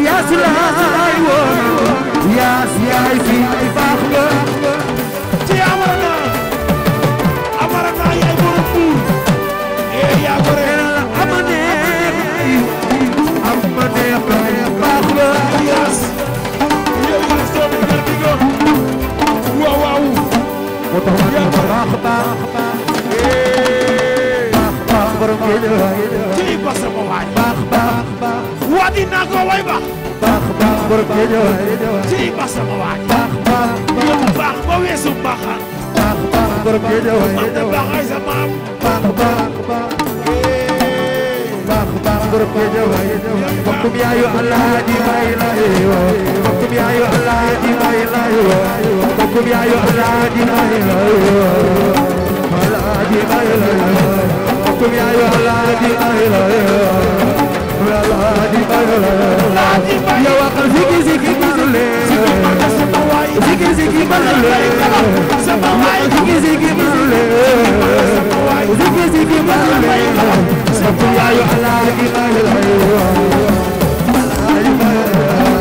yaas yaay woon yaas yaay fi ay baax nga ci amara na amara na yaay borom buur ee yaa bare la amane amane baax nga yaas yow yaas doomu gardi nga waaw waaw moo tax yaa baax baax baax ee baax baax borom ci baax sama waaj baax baax waati naa ko way baax. baax baax borom géejawaay. ci baax sama waay. baax baax baax baax ba weesu baaxaan. baax baax borom géejawaay. man de baax ay sama am. baax baax baax. baax baax borom géejawaay. mbokkum yaayu alaaji may laay wa. mbokkum yaayu alaaji may laay wa. mbokkum yaayu alaaji may laay wa. alaaji may laay wa. mbokkum yaayu alaaji may laay wa. Alaaji Maalik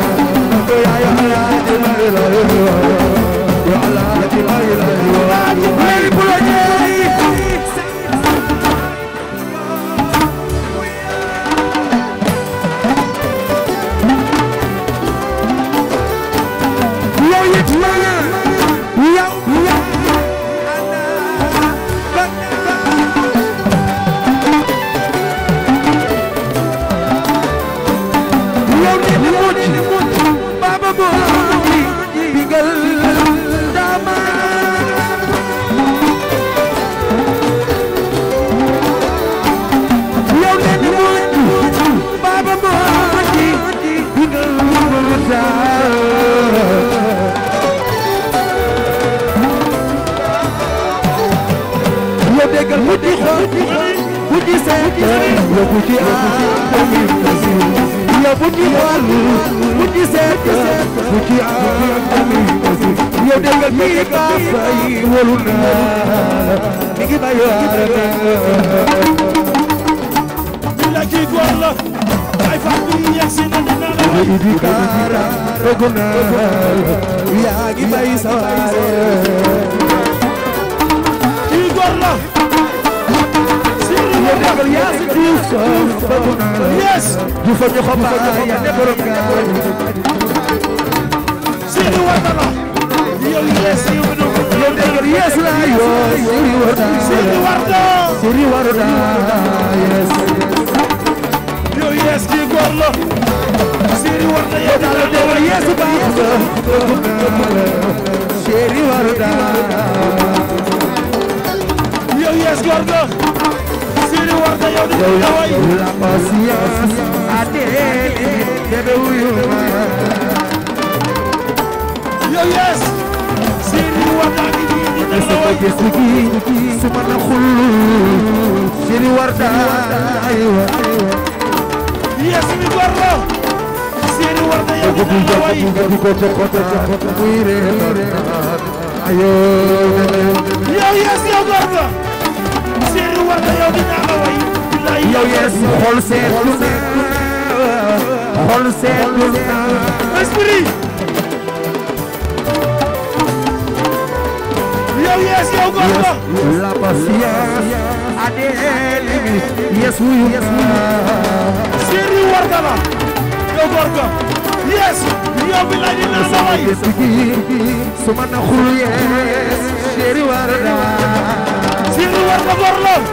war na góor lool.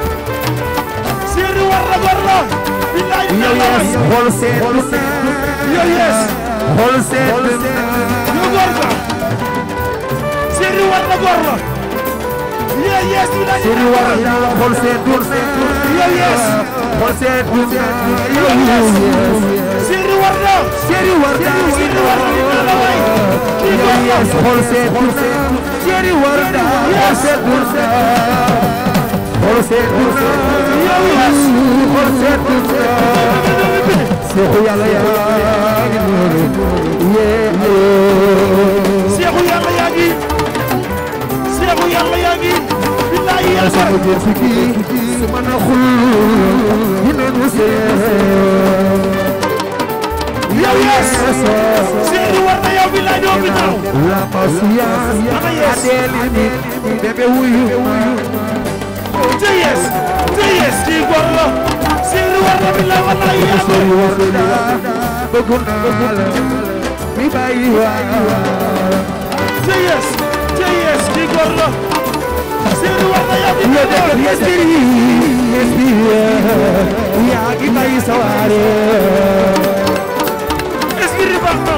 Siri war na góor lool. billaay yow yees xool seetlu naa yow yees. xool seetlu naa yow góor nga. Siri war na góor la. yow yees bi lañ. Siri war na xool seetlu yow yees. xool seetlu yow yees. Siri war na. Siri war na Siri war na dina la waay. kii góor la yow yees xool seetlu. Siri war na xool seetlu. Bebe wuyu jeyes jeyes ji góor la sirri war na billa walla jeyes jeyes ji góor la sirri war na yaa billa walla espiri yaa gi bay sawaare espiri baax na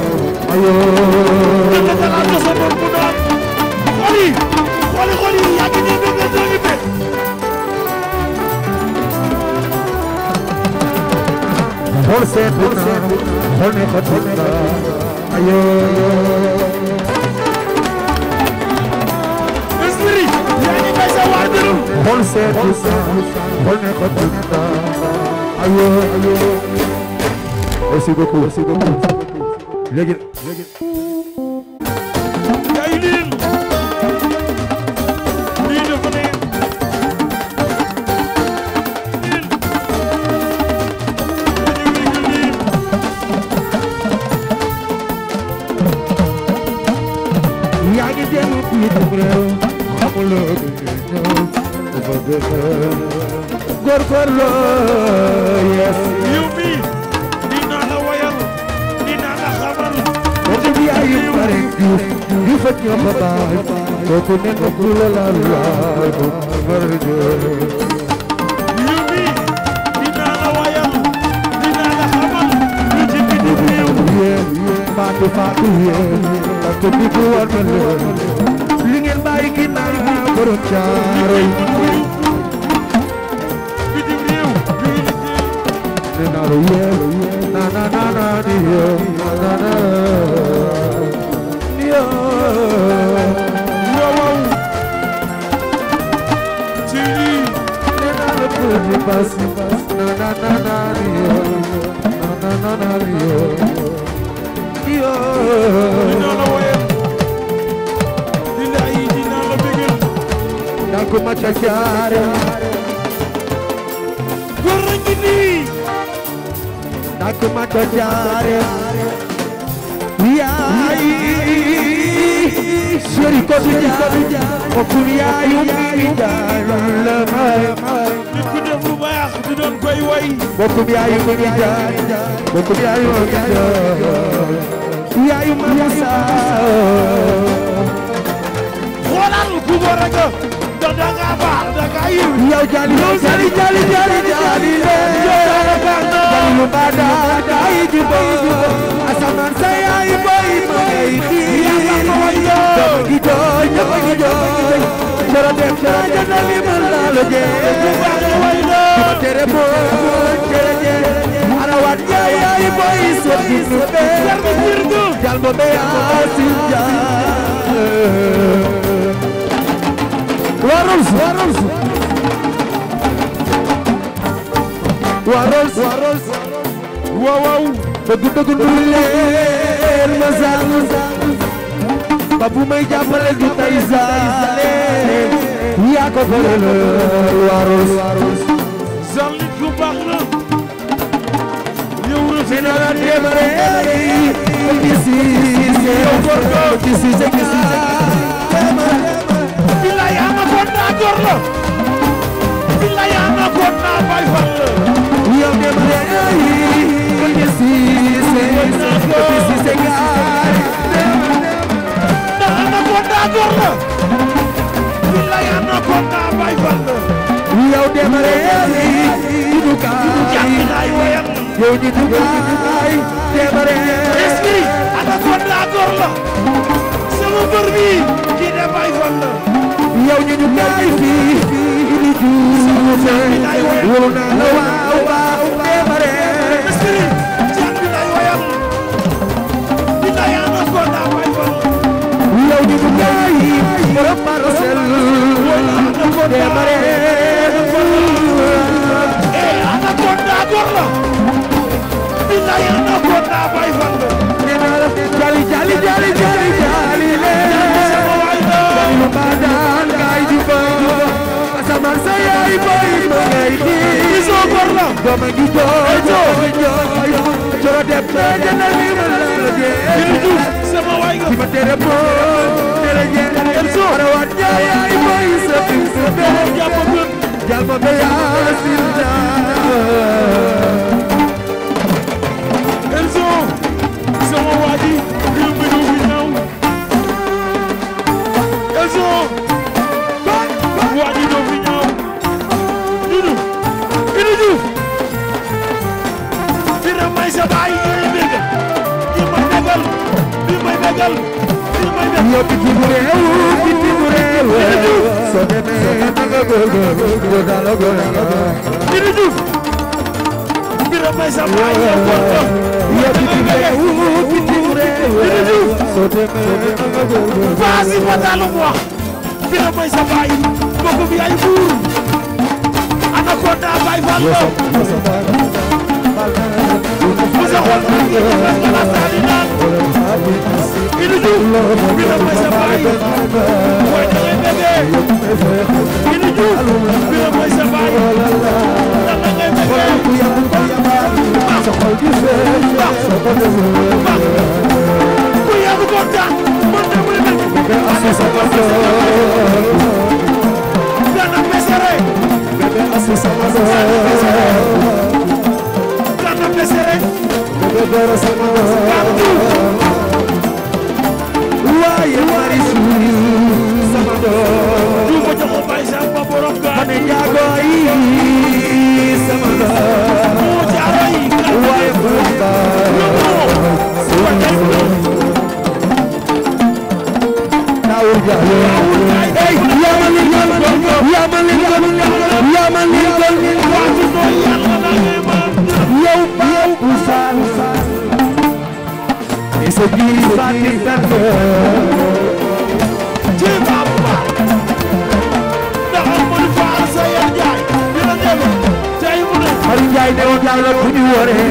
Merci beaucoup. Merci beaucoup. Dig it. ñëpp ñëpp baay kooku ne nga ku la laal yaay bu farje yu bi dinaa la wayal dinaa la xamal lu ci biti réew yéen maatu maatu yéen ak ni ku war na leen li ngeen bàyyi ginnaaw borom caaro yi biti réew dinaa la yéen na na na na di yéen na na Jaaree yaay sëriñ ko bi jaay okul yaay yaay jaay la may nit ku def lu baax di doon koy way bokkum yaay ko bi jaay bokkum yaay ko bi jaay yaayu ma sa xoolal ku boraga ndax da nga baax da nga yiw yow jali jali jali jali jali le jali ba da da yi jubo asaman sa ya yi boy boy di ya ko yo gi do yo gi do chara dem chara jana mi mala lo je tere bo tere je ara wat ya ya yi boy so di no be jal bo be ya sin ja waa Rolls waa Rolls waa Rolls waa Rolls waaw waaw dëgg dëgg du leer ma saamu ba bu may jàppale du tay saale yaa ko bëral waa Rolls waa Rolls sal nit ku baax la yow rësi na la démaré ay gisi yow gorgo gisi door la billa yaa na koot naa bay fal yow de ma dee ay siise siise gaay naa na koot naa door la billa yaa na koot naa bay fal yow de ma dee eh, ay dukaay yow di dukaay de ma dee esprit ana koot naa door la sama bër bi kii de bay fal jali jali jali jali naan sa yaay bàyyi ma ngay xiir gisoo bor la ba ma ngi jooy jooy jooy coro dem na dana li ma la jee yéen Diouf sama waay nga ma tere moom tere jee Elzo arawaat ñaa yaay bàyyi sa biir sa bee jàmma bët jàmma bee yaa sin naa Elzo sama waa ji réew mi du ñaaw Elzo màggal ñëpp ci bu réew ci ci bu réew soo demee na nga góorgóorlu góorgóorlu góorgóorlu ñu di Diouf Birame Mbaye Samb ay yëpp waxtaan ñëpp ci bu réew ci ci bu réew ñu di Diouf soo demee na nga góorgóorlu paasi fatalu mu wax Birame Mbaye Samb ay mbokk bi ay buur ana ko daa bàyyi fa Sama sama Séré waaye Marichou sama doom du ma jox bay sa ba borom ga ma ne njaago yi sama doom mu jaara yi waaye borom ba sama doom nawur jaalo ey yamal ni yamal ni yamal ni yamal ni yamal ni yamal ni yow baal usaan ni sa biir sa biir dara ci bamba ndax amul faal sa yaa jaay di la dégg tey mu ne xarit njaay ne woon yàlla bu ñu waree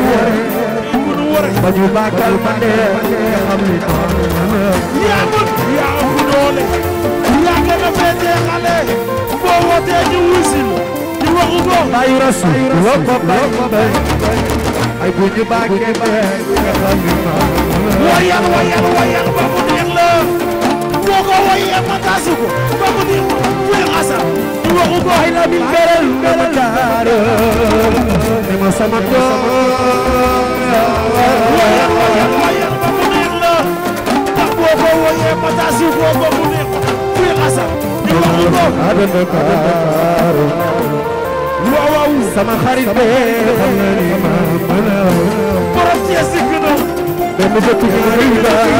bu ñu waree ba ñu bàkkal ma ne nga xam ne yaa mën yaa am doole yaa gën a féetee boo wootee ñu wuy waxu góor bàyyi rasul loo ko bàyyi ay bu ñu bàggee wayal wayal wayal ba mu neex la boo ko wayee ma taasu ko ba mu neex fuy xasal waxu góor ay na min beral dama daara dama sama doom wayal wayal wayal ba mu neex la ndax boo ko wayee ma taasu ko ba mu neex fuy xasal waxu góor adama kaaro sama xarit bee xam na ni ma mën a borom ci sikk na dem sa tukki nga daale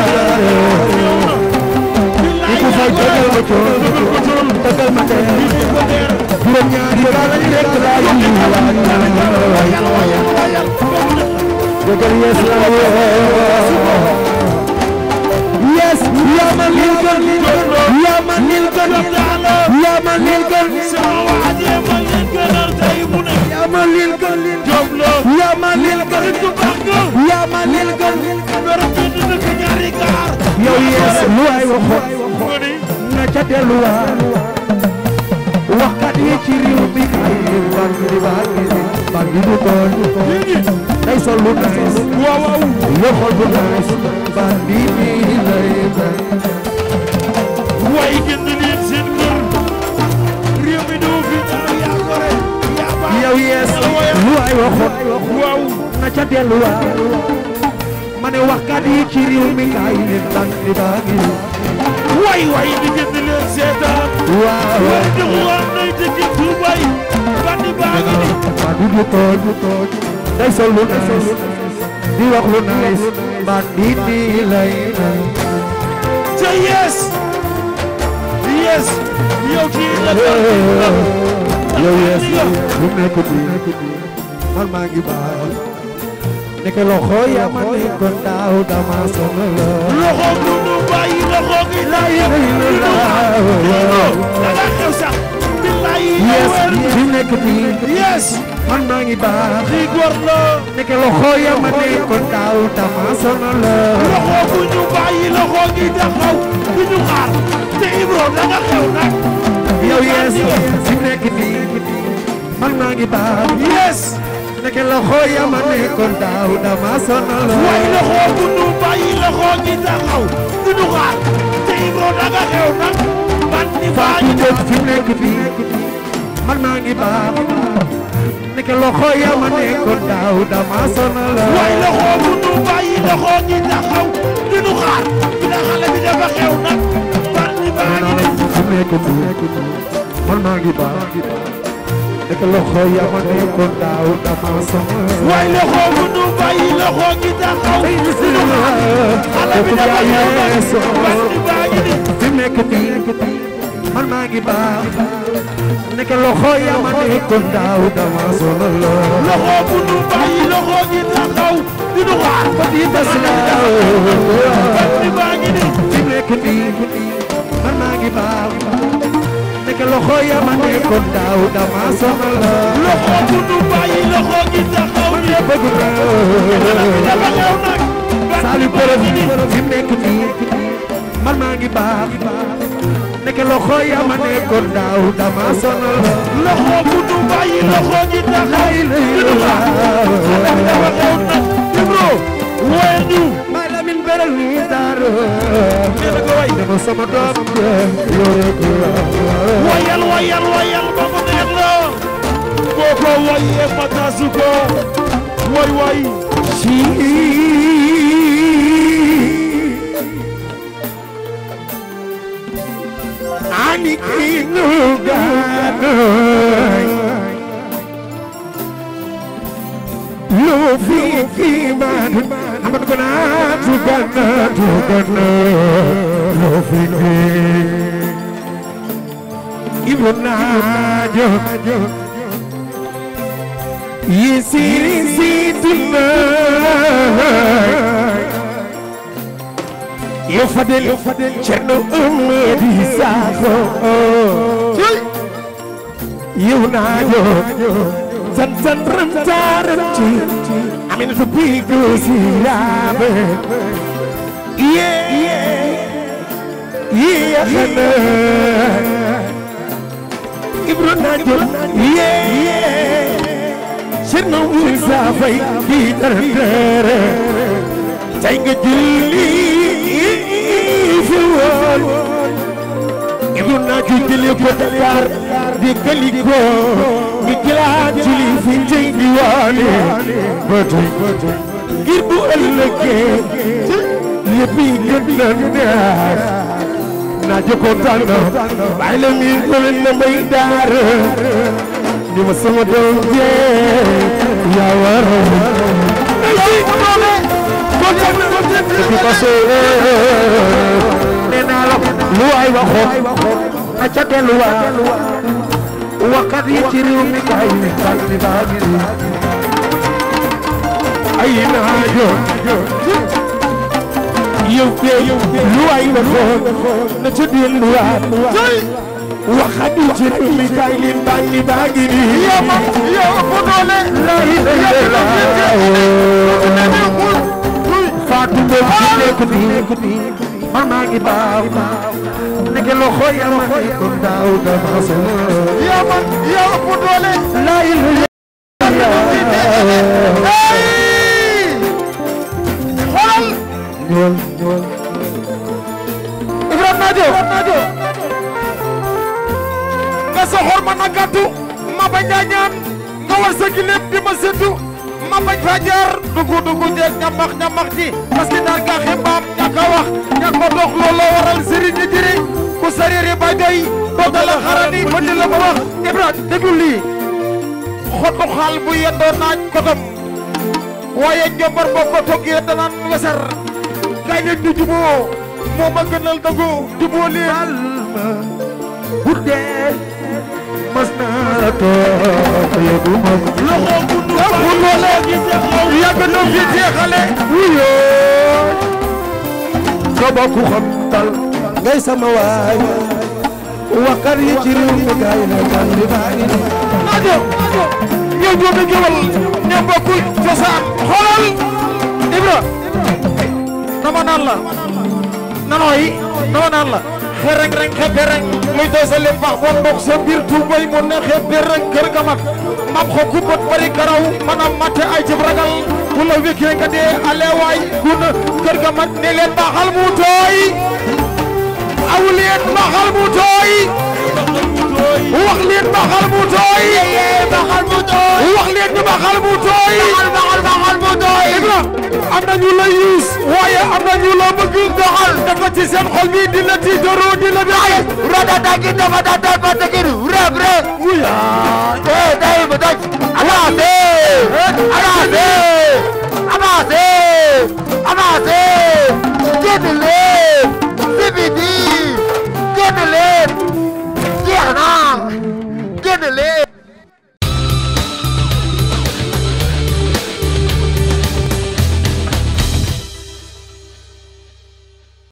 ko fa jëgal ma ko tagal ma tey juróom ñaari daal yi rek laa yi waa jëgal yees يا من يلقن يا من يلقن يا من يلقن سواعد يا من يلقن ارتيبنا يا من يلقن جبلو يا من يلقن يا من يلقن برتنا كنياري كار يا يس لو اي وخو نجا دلوا وقت يجري وبيك باغي باغي باغي بوكون day sol lu nice waaw waaw loxol bu nice baan bii nii lay bay waaye génn leen seen kër réew mi doo fi dara yaa gore yaa baax yow yees lu ay waxoon waaw na ca delluwaat ma ne waxkat yi ci réew mi kaay leen tànk di baagi waay waay di génn leen seetaan waaw waaw di xuwaan nay te ci tuubay ba di baagi di ba du du tooñ du tooñ day sol lu neex di wax lu neex man nit ñi lay neex. te kii la yow yes lu nekk di man maa ngi baal. nekk loxo yaa ma nekkoon daaw dama sonn la. loxo bu nu bàyyi loxo gi la yëg lu la waaw da nga xew sax. billahi yes fi nekk di yes. man maa ngi baax di góor la loxo ya ma ne kon daaw tama sono la loxo bu ñu bàyyi loxo ngi taxaw bu ñu xaar te Ibro nga xew nag yow yees si nekk nii man maa ngi baax yees ndeke loxo ya ma ne kon daaw tama sono la waaye loxo bu ñu bàyyi loxo ngi taxaw bu ñu xaar te Ibro nga xew nag man ni baa ñu def fi man maa ngi baax ndeke loxo ya ma nekkoon daaw dama sonal la waaye nu bàyyi loxo ñi taxaw di nu xaar bi na xale bi dafa xew nag ni baa ngi su nekkoon man maa ngi nu bàyyi loxo ñi taxaw di nu xaar xale bi dafa xew nag ni baa ngi man maa ngi baax loxo ya ma nekkoon daaw dama sonal loxo bu nu bàyyi loxo gi di nu xaar ba di tas laaw maa ngi ni fi nekk nii man maa ngi baax nekk loxo nu bàyyi loxo gi taxaw di bëgg naa salu ndeke loxo yaa ma nekkoon daaw dama sonal loxo bu du bàyyi loxo ji taxay lu la ndax dafa xew na Ibro wooye ñu Baay Lamin beral ni daaro neena ko way dama sama doom yore ko wayal wayal wayal ba mu neex la boo ko wayee ma tasu ko way way ci ni kii nu gàddoy lu fi kii man amad ko naa tugan naa tugan lu fi kii ibnu naajo yi siri si tunaay yo fadel yo fadel cerno Amady Sakho yow naa yo san san ram taram ci aminatu bi gosi yabe ye ye xana ibro naa jo ye cerno Moussa Faye di dara dara tay nga julli woon ibnu naaju jëlee ko Dakar di kaliko ni kilaat juli fi njëy di waane ba tey ngir bu ëllëgee lépp yi gën na neex naaje ko tànn bàyyi la mi doon na daar ni ma sama doom jee lu waay waxoon a ca delluwaat waxkat yi ci réew mi kaay mi kaay mi baa ngi nii ay naa jox yow de lu waay waxoon na ca delluwaat waxkat yi ci réew mi kaay mi baa ngi nii yow ma yow ko doole lay lay lay Fatou Mbengue man maa ngi baaw nekk loxo yaa ma nekkoon daaw dama sama yaa man yaa ëpp doole laa ilu yaa xoolal ñool ñool Ibrahima Naajo nga soxor ma na gàttu ma bañ a ñaan nga war sa gi lépp di ma seetu ma bañ fa jaar dugu dugu jeeg ñamax ñamax ji parce que daal nga ximbaam ñàkk a wax ñàkk a dox looloo waral sëriñ ni jëri ku sëriñ yi ba doy doota la xarani ma di la ko wax ibra déglu lii xotu xaal bu yendoo naaj kotom waaye njombar boo ko toggee danaan wesar kay leen di juboo moo ma gënal dëggu juboo lii xaal bu dee mas na toog yëgu ma loxo yàgg na fi jeexale wuyoo sa bokk xam tal ngay sama waay waxkat yi ci réew mi gaay na kan di bari naajo ñëw jóobe jëwal ne bokk cosaan xoolal Ibra dama naan la nanooy dama naan la xereng reng xe pereng luy dosale fax bo mbok so mbir tuubay mu ne xe pereng kër ga mat bari karaw manam mate ay jëf ragal ku la wékkee nga dee aleewaay gun kër ga mat ne leen baxal aw leen baxal mu tooy wax leen baxal mu tooy baxal mu tooy wax leen ñu baxal mu tooy baxal baxal mu tooy am na ñu la yuus waaye am na ñu la bëgg doxal dafa ci seen xol bi dina ci doro dina bay rada dagi dafa da da ba tegir rab rab wuya eh day ba dag ala de ala de ala de ala de jëndale sibidi génn leen